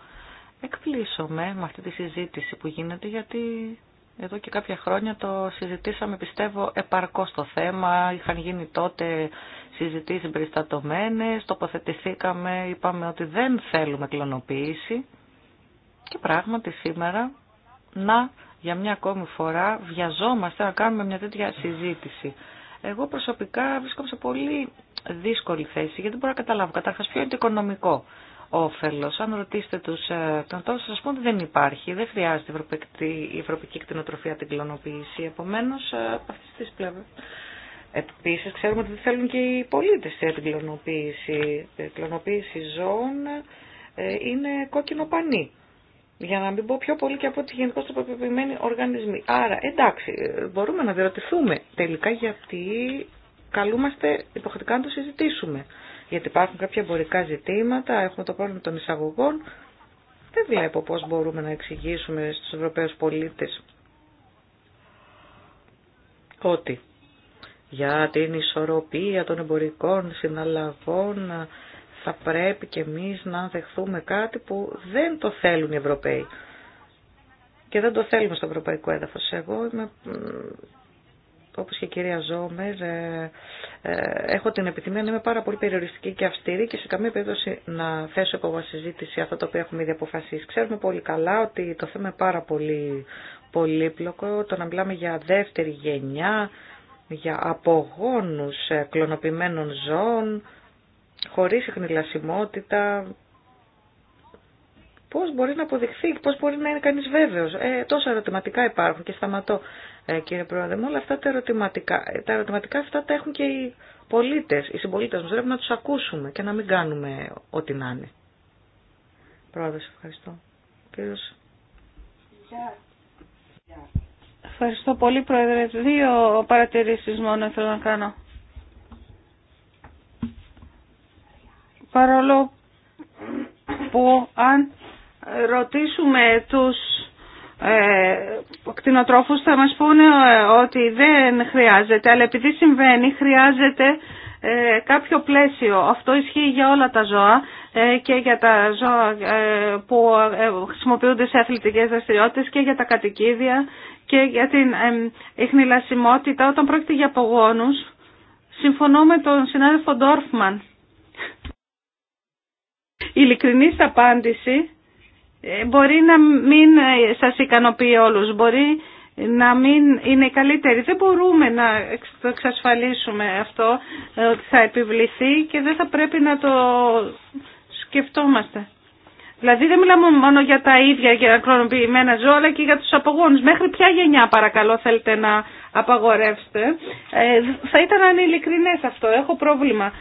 εκπλήσωμαι με αυτή τη συζήτηση που γίνεται γιατί εδώ και κάποια χρόνια το συζητήσαμε πιστεύω επαρκώς το θέμα. Είχαν γίνει τότε συζητήσεις περιστατωμένες, τοποθετηθήκαμε, είπαμε ότι δεν θέλουμε κλωνοποίηση και πράγματι σήμερα να για μια ακόμη φορά βιαζόμαστε να κάνουμε μια τέτοια συζήτηση. Εγώ προσωπικά βρίσκομαι σε πολύ δύσκολη θέση γιατί δεν μπορώ να καταλάβω καταρχά ποιο είναι το οικονομικό όφελο. Αν ρωτήσετε του κτηνοτρόφου, ε, θα σα πω ότι δεν υπάρχει. Δεν χρειάζεται η ευρωπαϊκή κτηνοτροφία την κλωνοποίηση. Επομένω, ε, από αυτή τη πλευρά. Επίση, ξέρουμε ότι δεν θέλουν και οι πολίτε την κλωνοποίηση. Η ε, κλωνοποίηση ζώων είναι κόκκινο πανί. Για να μην πω πιο πολύ και από ό,τι γενικώ τροποποιημένοι οργανισμοί. Άρα, εντάξει, μπορούμε να διερωτηθούμε τελικά γιατί καλούμαστε υποχρεωτικά να το συζητήσουμε. Γιατί υπάρχουν κάποια εμπορικά ζητήματα, έχουμε το πρόβλημα των εισαγωγών. Δεν βλέπω πώς μπορούμε να εξηγήσουμε στους Ευρωπαίους πολίτες ότι για την ισορροπία των εμπορικών συναλλαγών θα πρέπει και εμείς να δεχθούμε κάτι που δεν το θέλουν οι Ευρωπαίοι. Και δεν το θέλουμε στο ευρωπαϊκό έδαφος. Εγώ είμαι, όπως και η κυρία Ζόμερ, ε, ε, έχω την επιθυμία να είμαι πάρα πολύ περιοριστική και αυστηρή και σε καμία περίπτωση να θέσω ακόμα συζήτηση αυτό το οποία έχουμε ήδη αποφασίσει. Ξέρουμε πολύ καλά ότι το θέμα είναι πάρα πολύ πολύπλοκο, το να μιλάμε για δεύτερη γενιά, για απογόνους ε, κλωνοποιημένων ζώων, χωρίς εχνηλασιμότητα, πώς μπορεί να αποδειχθεί, πώς μπορεί να είναι κανείς βέβαιος. Ε, τόσα ερωτηματικά υπάρχουν και σταματώ ε, κύριε Πρόεδρε μου, όλα αυτά τα ερωτηματικά, ε, τα ερωτηματικά αυτά τα έχουν και οι πολίτες, οι συμπολίτες μας, πρέπει να τους ακούσουμε και να μην κάνουμε ό,τι να είναι. Πρόεδρος, ευχαριστώ. Κύριος. Ευχαριστώ πολύ Πρόεδρε. Δύο παρατηρήσεις μόνο θέλω να κάνω. παρόλο που αν ρωτήσουμε τους ε, κτηνοτρόφους θα μας πούνε ε, ότι δεν χρειάζεται, αλλά επειδή συμβαίνει χρειάζεται ε, κάποιο πλαίσιο. Αυτό ισχύει για όλα τα ζώα ε, και για τα ζώα που χρησιμοποιούνται σε αθλητικές δραστηριότητες και για τα κατοικίδια και για την ειχνηλασιμότητα. όταν πρόκειται για απογόνους. Συμφωνώ με τον συνάδελφο Ντόρφμαν ειλικρινή απάντηση ε, μπορεί να μην ε, σας ικανοποιεί όλους, μπορεί να μην είναι καλύτερη. Δεν μπορούμε να το εξασφαλίσουμε αυτό ε, ότι θα επιβληθεί και δεν θα πρέπει να το σκεφτόμαστε. Δηλαδή δεν μιλάμε μόνο για τα ίδια για κρονοποιημένα ζώα αλλά και για τους απογόνους. Μέχρι ποια γενιά παρακαλώ θέλετε να απαγορεύσετε. θα ήταν ανηλικρινές αυτό. Έχω πρόβλημα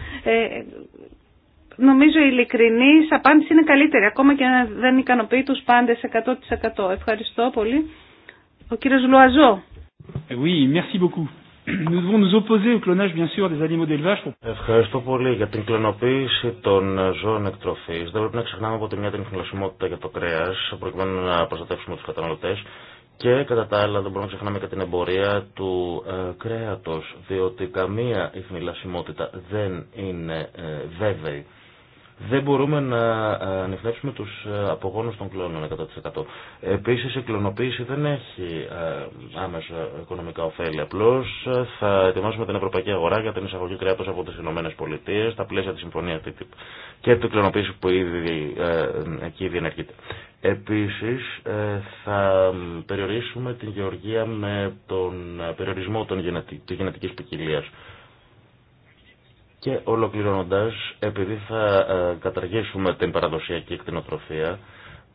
νομίζω η ειλικρινή απάντηση είναι καλύτερη, ακόμα και αν δεν ικανοποιεί τους πάντες 100%. Ευχαριστώ πολύ. Ο κύριος Λουαζό. Oui, merci beaucoup. Nous devons nous opposer au clonage, bien sûr, des animaux d'élevage. Ευχαριστώ πολύ για την κλωνοποίηση των ζώων εκτροφή. Δεν πρέπει να ξεχνάμε από τη μια την ειχνηλασιμότητα για το κρέα, προκειμένου να προστατεύσουμε του καταναλωτέ. Και κατά τα άλλα δεν μπορούμε να ξεχνάμε και την εμπορία του ε, κρέατος, διότι καμία ειχνηλασιμότητα δεν είναι ε, βέβαιη δεν μπορούμε να ε, ανιχνεύσουμε τους ε, απογόνους των κλώνων 100%. Επίσης η κλωνοποίηση δεν έχει ε, άμεσα οικονομικά ωφέλη. Απλώς θα ετοιμάσουμε την ευρωπαϊκή αγορά για την εισαγωγή κρέατος από τις ΗΠΑ στα πλαίσια της συμφωνίας TTIP και την κλωνοποίηση που ήδη, εκεί διενεργείται. ενεργείται. Επίσης θα περιορίσουμε την γεωργία με τον περιορισμό των της γενετικής ποικιλίας και ολοκληρώνοντας, επειδή θα ε, καταργήσουμε την παραδοσιακή εκτινοτροφία,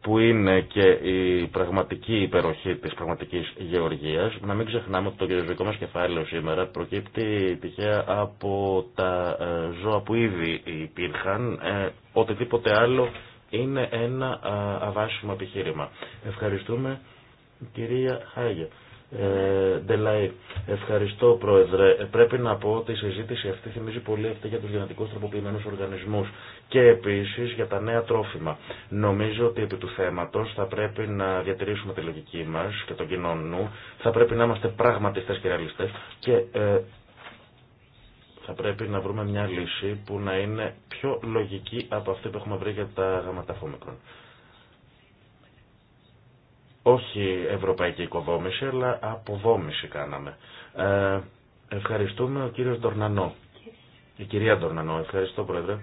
που είναι και η πραγματική υπεροχή της πραγματικής γεωργίας. Να μην ξεχνάμε ότι το γεωργικό μας κεφάλαιο σήμερα προκύπτει τυχαία από τα ε, ζώα που ήδη υπήρχαν. Ε, οτιδήποτε άλλο είναι ένα αβάσιμο επιχείρημα. Ευχαριστούμε κυρία Χάγε. Ε, Ντελαή. Ευχαριστώ, Πρόεδρε. Ε, πρέπει να πω ότι η συζήτηση αυτή θυμίζει πολύ αυτή για του γενετικώ τροποποιημένου οργανισμού και επίση για τα νέα τρόφιμα. Νομίζω ότι επί του θέματο θα πρέπει να διατηρήσουμε τη λογική μα και τον κοινό νου. Θα πρέπει να είμαστε πραγματιστέ και ρεαλιστέ και ε, θα πρέπει να βρούμε μια λύση που να είναι πιο λογική από αυτή που έχουμε βρει για τα γαματαφόμικρον όχι ευρωπαϊκή οικοδόμηση, αλλά αποδόμηση κάναμε. Ε, ευχαριστούμε ο κύριος Ντορνανό. Η κυρία Ντορνανό, ευχαριστώ πρόεδρε.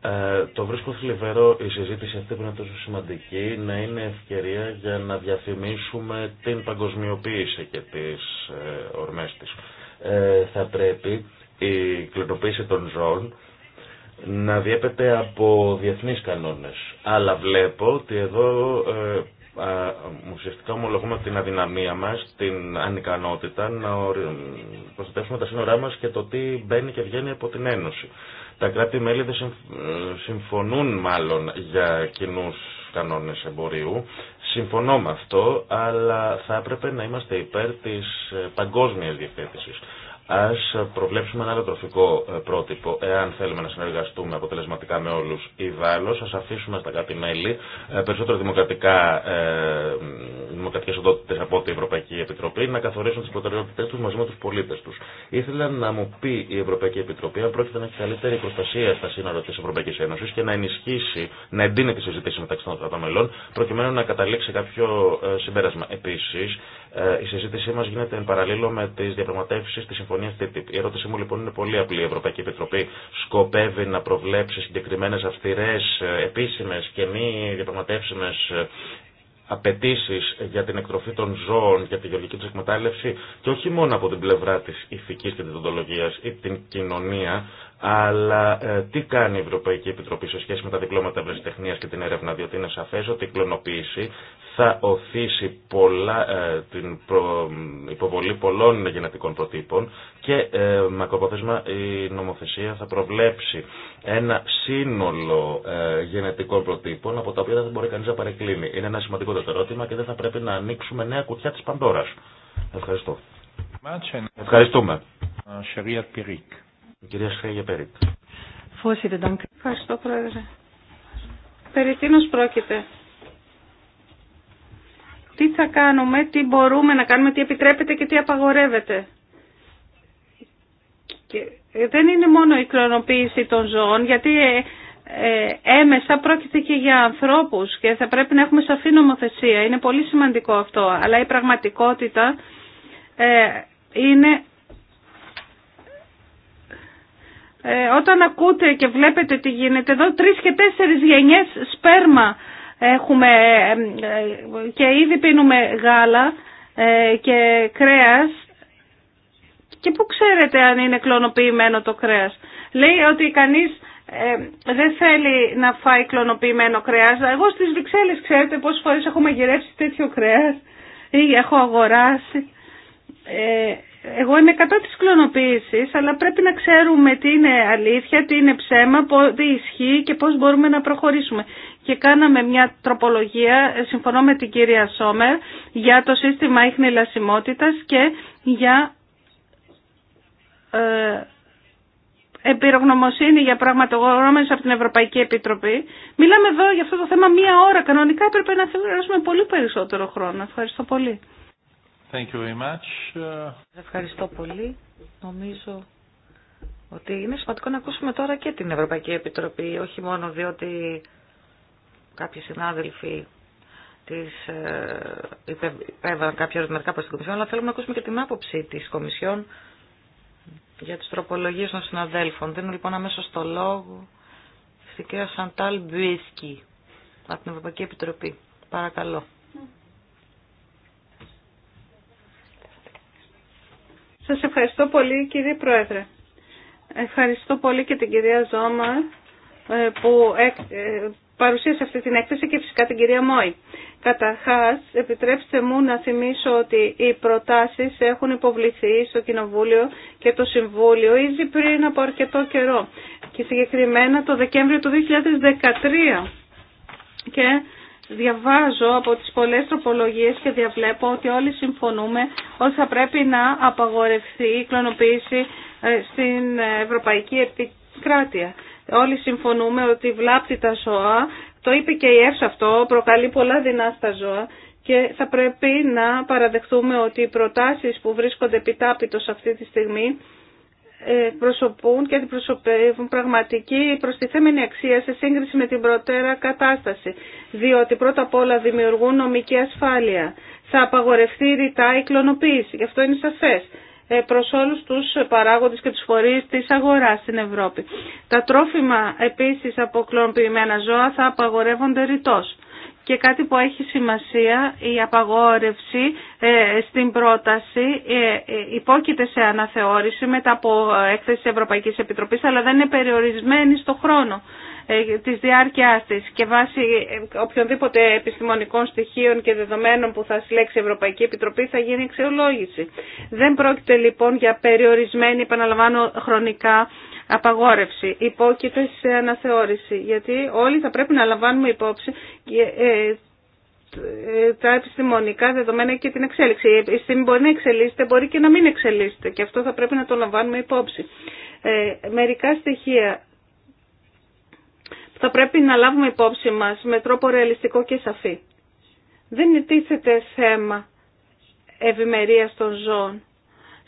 Ε, το βρίσκω θλιβερό η συζήτηση αυτή που είναι τόσο σημαντική να είναι ευκαιρία για να διαφημίσουμε την παγκοσμιοποίηση και τις ε, ορμές της. Ε, θα πρέπει η κληροποίηση των ζώων να διέπεται από διεθνείς κανόνες. Αλλά βλέπω ότι εδώ ε, α, ουσιαστικά ομολογούμε την αδυναμία μας, την ανικανότητα να προστατεύσουμε τα σύνορά μας και το τι μπαίνει και βγαίνει από την Ένωση. Τα κράτη-μέλη δεν συμφωνούν μάλλον για κοινού κανόνες εμπορίου. Συμφωνώ με αυτό, αλλά θα έπρεπε να είμαστε υπέρ της ε, παγκόσμιας διευθέτησης. Ας προβλέψουμε ένα άλλο τροφικό ε, πρότυπο, εάν θέλουμε να συνεργαστούμε αποτελεσματικά με όλους. Ιδάλλως, Α αφήσουμε στα κάτι μέλη ε, περισσότερο δημοκρατικά ε, δημοκρατικέ οντότητε από την Ευρωπαϊκή Επιτροπή να καθορίσουν τι προτεραιότητέ του μαζί με του πολίτε του. Ήθελα να μου πει η Ευρωπαϊκή Επιτροπή αν πρόκειται να έχει καλύτερη προστασία στα σύνορα τη Ευρωπαϊκή Ένωση και να ενισχύσει, να εντείνει τη συζήτηση μεταξύ των κρατών προκειμένου να καταλήξει κάποιο ε, συμπέρασμα. Επίση, ε, η συζήτησή μα γίνεται εν παραλίλω με τι διαπραγματεύσει τη Συμφωνία TTIP. Η ερώτησή μου λοιπόν είναι πολύ απλή. Η Ευρωπαϊκή Επιτροπή σκοπεύει να προβλέψει συγκεκριμένε αυστηρέ, ε, επίσημε και μη διαπραγματεύσιμε απαιτήσει για την εκτροφή των ζώων, για τη γεωργική του εκμετάλλευση και όχι μόνο από την πλευρά τη ηθική και τη δοντολογία ή την κοινωνία, αλλά ε, τι κάνει η Ευρωπαϊκή Επιτροπή σε σχέση με τα διπλώματα ευρεσιτεχνία και την έρευνα, διότι είναι σαφέ ότι η κλωνοποίηση θα οθήσει πολλά, ε, την υποβολή πολλών γενετικών προτύπων και ε, μακροπρόθεσμα η νομοθεσία θα προβλέψει ένα σύνολο ε, γενετικών προτύπων από τα οποία δεν μπορεί κανείς να παρεκκλίνει. Είναι ένα σημαντικό ερώτημα και δεν θα πρέπει να ανοίξουμε νέα κουτιά της Παντόρας. Ευχαριστώ. Ευχαριστούμε. κυρία Περίκ. Ευχαριστώ, Περί πρόκειται τι θα κάνουμε, τι μπορούμε να κάνουμε, τι επιτρέπεται και τι απαγορεύεται. Και ε, δεν είναι μόνο η κλωνοποίηση των ζώων, γιατί ε, ε, έμεσα πρόκειται και για ανθρώπους και θα πρέπει να έχουμε σαφή νομοθεσία. Είναι πολύ σημαντικό αυτό, αλλά η πραγματικότητα είναι όταν ακούτε και βλέπετε τι γίνεται εδώ, τρεις και τέσσερις γενιές σπέρμα έχουμε και ήδη πίνουμε γάλα ε, και κρέας και πού ξέρετε αν είναι κλωνοποιημένο το κρέας. Λέει ότι κανείς δεν θέλει να φάει κλωνοποιημένο κρέας. Εγώ στις Βρυξέλλες ξέρετε πόσες φορές έχω μαγειρεύσει τέτοιο κρέας ή έχω αγοράσει. Ε, εγώ είμαι κατά της κλωνοποίησης, αλλά πρέπει να ξέρουμε τι είναι αλήθεια, τι είναι ψέμα, τι ισχύει και πώς μπορούμε να προχωρήσουμε. Και κάναμε μια τροπολογία, ε, συμφωνώ με την κυρία Σόμερ, για το σύστημα ίχνη λασιμότητας και για ε, για πραγματογνώμενες από την Ευρωπαϊκή Επιτροπή. Μιλάμε εδώ για αυτό το θέμα μία ώρα. Κανονικά έπρεπε να θεωρήσουμε πολύ περισσότερο χρόνο. Ευχαριστώ πολύ. Thank you very much. Ευχαριστώ πολύ. Νομίζω ότι είναι σημαντικό να ακούσουμε τώρα και την Ευρωπαϊκή Επιτροπή, όχι μόνο διότι κάποιοι συνάδελφοι της ε, υπέβαλαν κάποια ερωτηματικά προς την Κομισιόν, αλλά θέλουμε να ακούσουμε και την άποψη της Κομισιόν για τις τροπολογίες των συναδέλφων. Δίνω λοιπόν αμέσως το λόγο στην κυρία Σαντάλ Μπουίσκι από την Ευρωπαϊκή Επιτροπή. Παρακαλώ. Σας ευχαριστώ πολύ κύριε Πρόεδρε. Ευχαριστώ πολύ και την κυρία Ζώμα ε, που ε, παρουσίασε αυτή την έκθεση και φυσικά την κυρία Μόη. Καταρχάς, επιτρέψτε μου να θυμίσω ότι οι προτάσεις έχουν υποβληθεί στο Κοινοβούλιο και το Συμβούλιο ήδη πριν από αρκετό καιρό και συγκεκριμένα το Δεκέμβριο του 2013. Και διαβάζω από τις πολλές τροπολογίες και διαβλέπω ότι όλοι συμφωνούμε ότι θα πρέπει να απαγορευτεί η κλωνοποίηση ε, στην Ευρωπαϊκή Επικράτεια. Όλοι συμφωνούμε ότι βλάπτει τα ζώα, το είπε και η ΕΦΣ αυτό, προκαλεί πολλά δεινά στα ζώα και θα πρέπει να παραδεχτούμε ότι οι προτάσεις που βρίσκονται επιτάπητος αυτή τη στιγμή ε, προσωπούν και αντιπροσωπεύουν πραγματική προστιθέμενη αξία σε σύγκριση με την προτέρα κατάσταση, διότι πρώτα απ' όλα δημιουργούν νομική ασφάλεια. Θα απαγορευτεί ρητά η κλωνοποίηση, γι' αυτό είναι σαφές, ε, προς όλους τους παράγοντες και τους φορείς της αγοράς στην Ευρώπη. Τα τρόφιμα επίσης από κλωνοποιημένα ζώα θα απαγορεύονται ρητός και κάτι που έχει σημασία η απαγόρευση ε, στην πρόταση ε, ε, υπόκειται σε αναθεώρηση μετά από έκθεση της Ευρωπαϊκής Επιτροπής αλλά δεν είναι περιορισμένη στο χρόνο της διάρκειάς της και βάσει οποιονδήποτε επιστημονικών στοιχείων και δεδομένων που θα συλλέξει η Ευρωπαϊκή Επιτροπή θα γίνει αξιολόγηση. Δεν πρόκειται λοιπόν για περιορισμένη, επαναλαμβάνω χρονικά, απαγόρευση, υπόκειται σε αναθεώρηση, γιατί όλοι θα πρέπει να λαμβάνουμε υπόψη ε, ε, τα επιστημονικά δεδομένα και την εξέλιξη. Η επιστήμη μπορεί να εξελίσσεται, μπορεί και να μην εξελίσσεται και αυτό θα πρέπει να το λαμβάνουμε υπόψη. Ε, μερικά στοιχεία θα πρέπει να λάβουμε υπόψη μας με τρόπο ρεαλιστικό και σαφή. Δεν τίθεται θέμα ευημερία των ζώων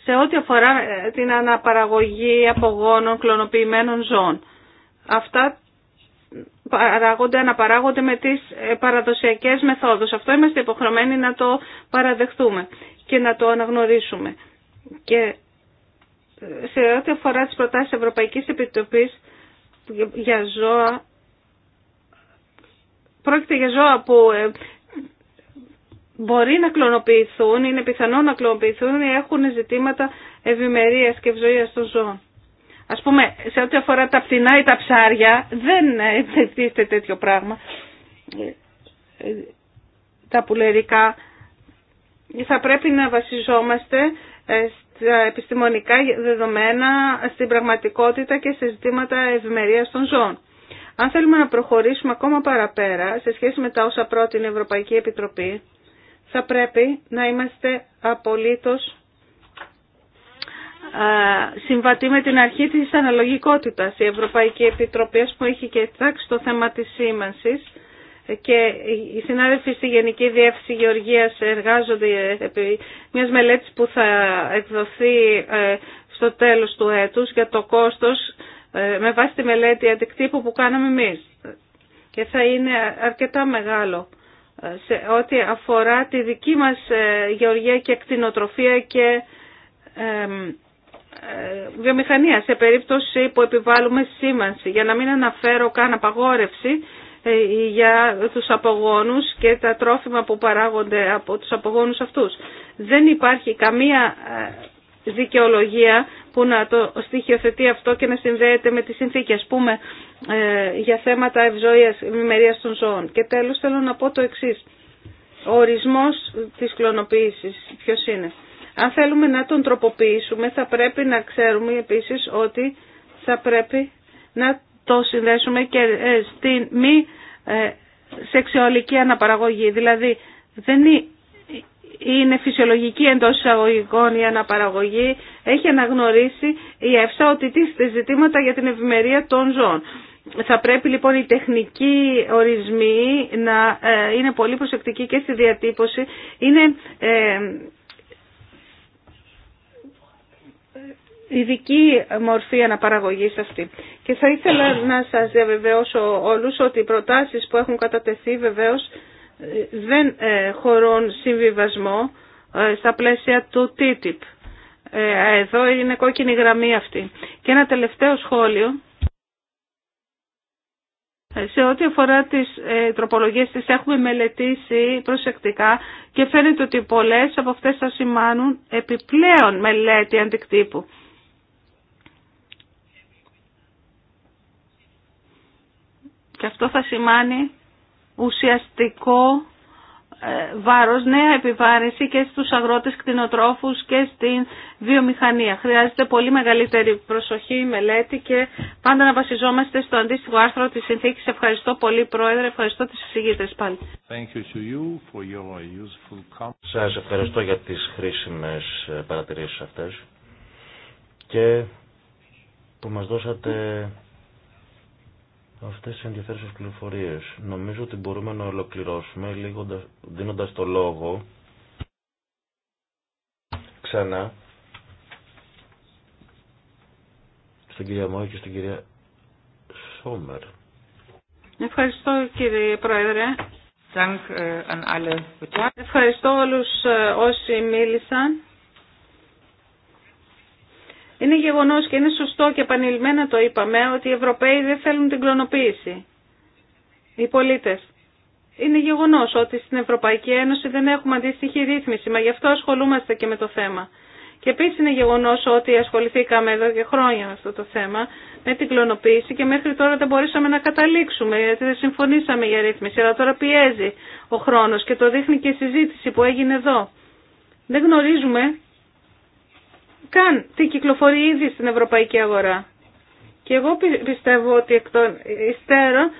σε ό,τι αφορά ε, την αναπαραγωγή απογόνων κλωνοποιημένων ζώων. Αυτά παράγονται, αναπαράγονται με τις ε, παραδοσιακές μεθόδους. Αυτό είμαστε υποχρεωμένοι να το παραδεχτούμε και να το αναγνωρίσουμε. Και ε, σε ό,τι αφορά τις προτάσεις Ευρωπαϊκής Επιτροπής για ζώα, πρόκειται για ζώα που μπορεί να κλωνοποιηθούν, είναι πιθανό να κλωνοποιηθούν ή έχουν ζητήματα ευημερία και ευζοίας των ζώων. Ας πούμε, σε ό,τι αφορά τα πτηνά ή τα ψάρια, δεν existείται τέτοιο πράγμα. Τα πουλερικά θα πρέπει να βασιζόμαστε ε, στα επιστημονικά δεδομένα, στην πραγματικότητα και σε ζητήματα ευημερίας των ζώων. Αν θέλουμε να προχωρήσουμε ακόμα παραπέρα σε σχέση με τα όσα πρότεινε η Ευρωπαϊκή Επιτροπή, θα πρέπει να είμαστε απολύτως συμβατοί με την αρχή της αναλογικότητας. Η Ευρωπαϊκή Επιτροπή που έχει και τάξει το θέμα της σήμανσης και οι συνάδελφοι στη Γενική Διεύθυνση Γεωργίας εργάζονται επί μιας μελέτης που θα εκδοθεί ε, στο τέλος του έτους για το κόστος ε, με βάση τη μελέτη αντικτύπου που κάναμε εμείς. Και θα είναι αρκετά μεγάλο σε ό,τι αφορά τη δική μας ε, γεωργία και κτηνοτροφία και ε, βιομηχανία σε περίπτωση που επιβάλλουμε σήμανση για να μην αναφέρω καν απαγόρευση ε, για τους απογόνους και τα τρόφιμα που παράγονται από τους απογόνους αυτούς. Δεν υπάρχει καμία δικαιολογία που να το στοιχειοθετεί αυτό και να συνδέεται με τις συνθήκες, ας πούμε, ε, για θέματα ευζωίας ημερίας των ζώων. Και τέλος θέλω να πω το εξής. Ο ορισμός της κλωνοποίησης ποιος είναι. Αν θέλουμε να τον τροποποιήσουμε θα πρέπει να ξέρουμε επίσης ότι θα πρέπει να το συνδέσουμε και ε, στη μη ε, σεξουαλική αναπαραγωγή. Δηλαδή δεν είναι φυσιολογική εντό εισαγωγικών η αναπαραγωγή, έχει αναγνωρίσει η ΕΦΣΑ ότι τίθεται ζητήματα για την ευημερία των ζώων. Θα πρέπει λοιπόν οι τεχνικοί ορισμοί να ε, είναι πολύ προσεκτικοί και στη διατύπωση. Είναι ε, ειδική μορφή αναπαραγωγής αυτή. Και θα ήθελα να σας διαβεβαιώσω όλους ότι οι προτάσεις που έχουν κατατεθεί βεβαίως δεν ε, χωρών συμβιβασμό ε, στα πλαίσια του TTIP. Ε, εδώ είναι κόκκινη γραμμή αυτή. Και ένα τελευταίο σχόλιο σε ό,τι αφορά τις ε, τροπολογίες τις έχουμε μελετήσει προσεκτικά και φαίνεται ότι πολλές από αυτές θα σημάνουν επιπλέον μελέτη αντικτύπου. Και αυτό θα σημάνει ουσιαστικό ε, βάρος, νέα επιβάρηση και στους αγρότες κτηνοτρόφους και στην βιομηχανία. Χρειάζεται πολύ μεγαλύτερη προσοχή, μελέτη και πάντα να βασιζόμαστε στο αντίστοιχο άρθρο της συνθήκης. Ευχαριστώ πολύ Πρόεδρε, ευχαριστώ τις συζήτητες πάλι. Thank you Σας ευχαριστώ για τις χρήσιμες ε, παρατηρήσεις αυτές και που μας δώσατε αυτές τις ενδιαφέρουσες πληροφορίες. Νομίζω ότι μπορούμε να ολοκληρώσουμε λίγοντας, δίνοντας το λόγο ξανά στην κυρία Μόη και στην κυρία Σόμερ. Ευχαριστώ κύριε Πρόεδρε. Ε, Ευχαριστώ όλους ε, όσοι μίλησαν. Είναι γεγονός και είναι σωστό και επανειλημμένα το είπαμε ότι οι Ευρωπαίοι δεν θέλουν την κλωνοποίηση. Οι πολίτες. Είναι γεγονός ότι στην Ευρωπαϊκή Ένωση δεν έχουμε αντίστοιχη ρύθμιση, μα γι' αυτό ασχολούμαστε και με το θέμα. Και επίση είναι γεγονό ότι ασχοληθήκαμε εδώ και χρόνια με αυτό το θέμα, με την κλωνοποίηση και μέχρι τώρα δεν μπορούσαμε να καταλήξουμε, γιατί δεν συμφωνήσαμε για ρύθμιση. Αλλά τώρα πιέζει ο χρόνο και το δείχνει και η συζήτηση που έγινε εδώ. Δεν γνωρίζουμε καν τι κυκλοφορεί ήδη στην ευρωπαϊκή αγορά. Και εγώ πιστεύω ότι εκ των υστέρων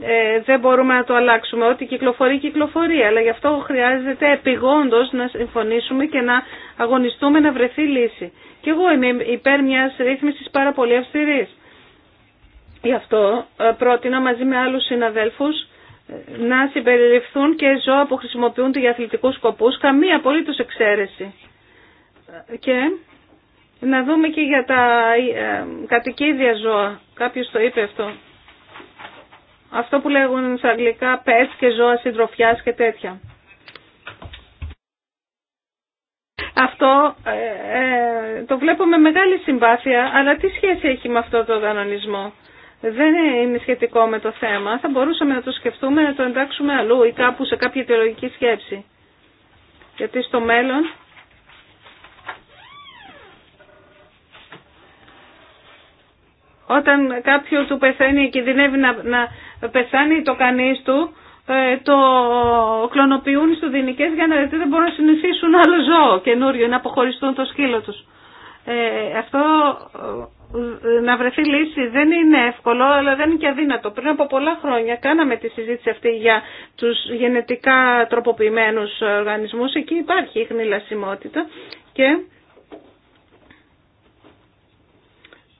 ε, δεν μπορούμε να το αλλάξουμε. Ό,τι κυκλοφορεί, κυκλοφορεί. Αλλά γι' αυτό χρειάζεται επιγόντω να συμφωνήσουμε και να αγωνιστούμε να βρεθεί λύση. Και εγώ είμαι υπέρ μια ρύθμισης πάρα πολύ αυστηρή. Γι' αυτό ε, πρότεινα μαζί με άλλους συναδέλφου ε, να συμπεριληφθούν και ζώα που χρησιμοποιούνται για αθλητικούς σκοπούς, καμία απολύτως εξαίρεση. Και να δούμε και για τα ε, κατοικίδια ζώα. Κάποιος το είπε αυτό. Αυτό που λέγουν στα αγγλικά pets και ζώα συντροφιάς και τέτοια. Αυτό ε, ε, το βλέπω με μεγάλη συμπάθεια, αλλά τι σχέση έχει με αυτό το κανονισμό. Δεν είναι σχετικό με το θέμα. Θα μπορούσαμε να το σκεφτούμε, να το εντάξουμε αλλού ή κάπου σε κάποια ιδεολογική σκέψη. Γιατί στο μέλλον Όταν κάποιο του πεθαίνει και κινδυνεύει να, να πεθάνει το κανείς του, ε, το κλωνοποιούν στους δινικές για να γιατί δεν μπορούν να συνηθίσουν άλλο ζώο καινούριο, να αποχωριστούν το σκύλο τους. Ε, αυτό ε, να βρεθεί λύση δεν είναι εύκολο αλλά δεν είναι και αδύνατο. Πριν από πολλά χρόνια κάναμε τη συζήτηση αυτή για τους γενετικά τροποποιημένους οργανισμούς. Εκεί υπάρχει η και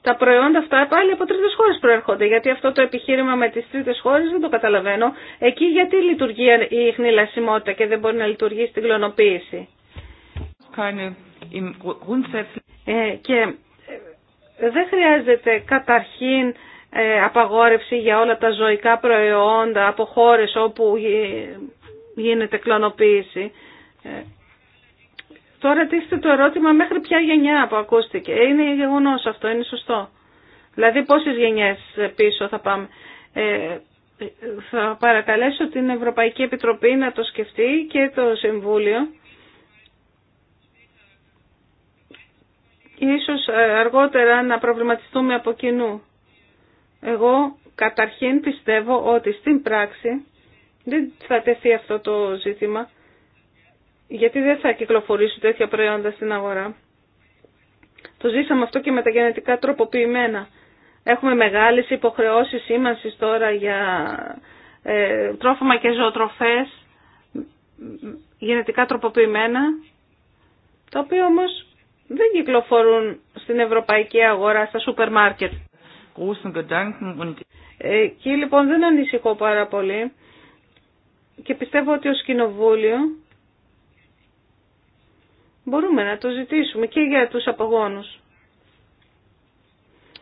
τα προϊόντα αυτά πάλι από τρίτες χώρες προέρχονται, γιατί αυτό το επιχείρημα με τις τρίτες χώρες δεν το καταλαβαίνω. Εκεί γιατί λειτουργεί η χνηλασιμότητα και δεν μπορεί να λειτουργεί στην κλωνοποίηση. Ε, και ε, δεν χρειάζεται καταρχήν ε, απαγόρευση για όλα τα ζωικά προϊόντα από χώρες όπου γίνεται κλωνοποίηση. Τώρα τίθεται το ερώτημα μέχρι ποια γενιά που ακούστηκε. Είναι γεγονό αυτό, είναι σωστό. Δηλαδή πόσες γενιές πίσω θα πάμε. Ε, θα παρακαλέσω την Ευρωπαϊκή Επιτροπή να το σκεφτεί και το Συμβούλιο. Ίσως ε, αργότερα να προβληματιστούμε από κοινού. Εγώ καταρχήν πιστεύω ότι στην πράξη δεν θα τεθεί αυτό το ζήτημα γιατί δεν θα κυκλοφορήσουν τέτοια προϊόντα στην αγορά. Το ζήσαμε αυτό και με τα γενετικά τροποποιημένα. Έχουμε μεγάλες υποχρεώσεις σήμανσης τώρα για ε, τρόφιμα και ζωοτροφές γενετικά τροποποιημένα, τα οποία όμως δεν κυκλοφορούν στην ευρωπαϊκή αγορά, στα σούπερ μάρκετ. Εκεί λοιπόν δεν ανησυχώ πάρα πολύ και πιστεύω ότι ως κοινοβούλιο Μπορούμε να το ζητήσουμε και για τους απογόνους.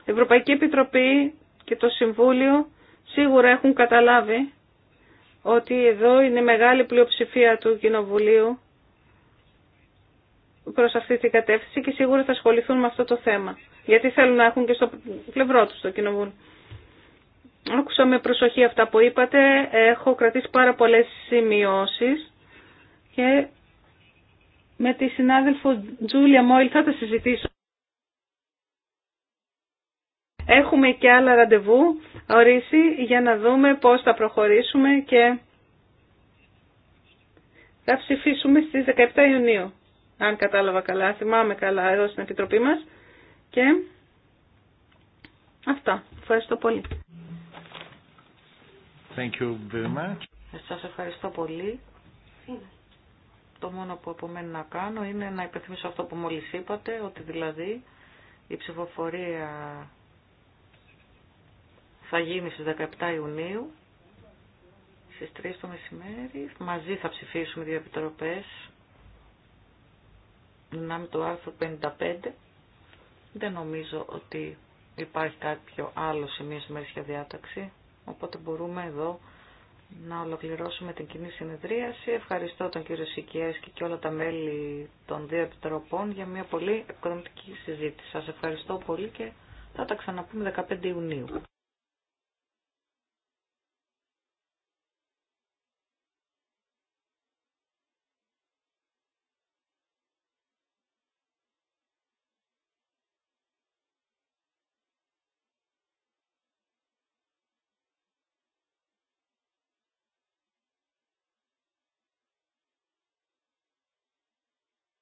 Η Ευρωπαϊκή Επιτροπή και το Συμβούλιο σίγουρα έχουν καταλάβει ότι εδώ είναι μεγάλη πλειοψηφία του Κοινοβουλίου προς αυτή την κατεύθυνση και σίγουρα θα ασχοληθούν με αυτό το θέμα. Γιατί θέλουν να έχουν και στο πλευρό τους το Κοινοβούλιο. Άκουσα με προσοχή αυτά που είπατε. Έχω κρατήσει πάρα πολλές σημειώσεις και με τη συνάδελφο Τζούλια Μόιλ θα τα συζητήσω. Έχουμε και άλλα ραντεβού ορίσει για να δούμε πώς θα προχωρήσουμε και θα ψηφίσουμε στις 17 Ιουνίου, αν κατάλαβα καλά, θυμάμαι καλά εδώ στην Επιτροπή μας. Και αυτά. Ευχαριστώ πολύ. Thank you very much. ευχαριστώ πολύ. Το μόνο που απομένει να κάνω είναι να υπενθυμίσω αυτό που μόλις είπατε, ότι δηλαδή η ψηφοφορία θα γίνει στις 17 Ιουνίου, στις 3 το μεσημέρι. Μαζί θα ψηφίσουμε δύο επιτροπές, να με το άρθρο 55. Δεν νομίζω ότι υπάρχει κάποιο άλλο σημείο στη μέση διάταξη, οπότε μπορούμε εδώ να ολοκληρώσουμε την κοινή συνεδρίαση. Ευχαριστώ τον κύριο Σικιέσκη και όλα τα μέλη των δύο επιτροπών για μια πολύ οικονομική συζήτηση. Σας ευχαριστώ πολύ και θα τα ξαναπούμε 15 Ιουνίου.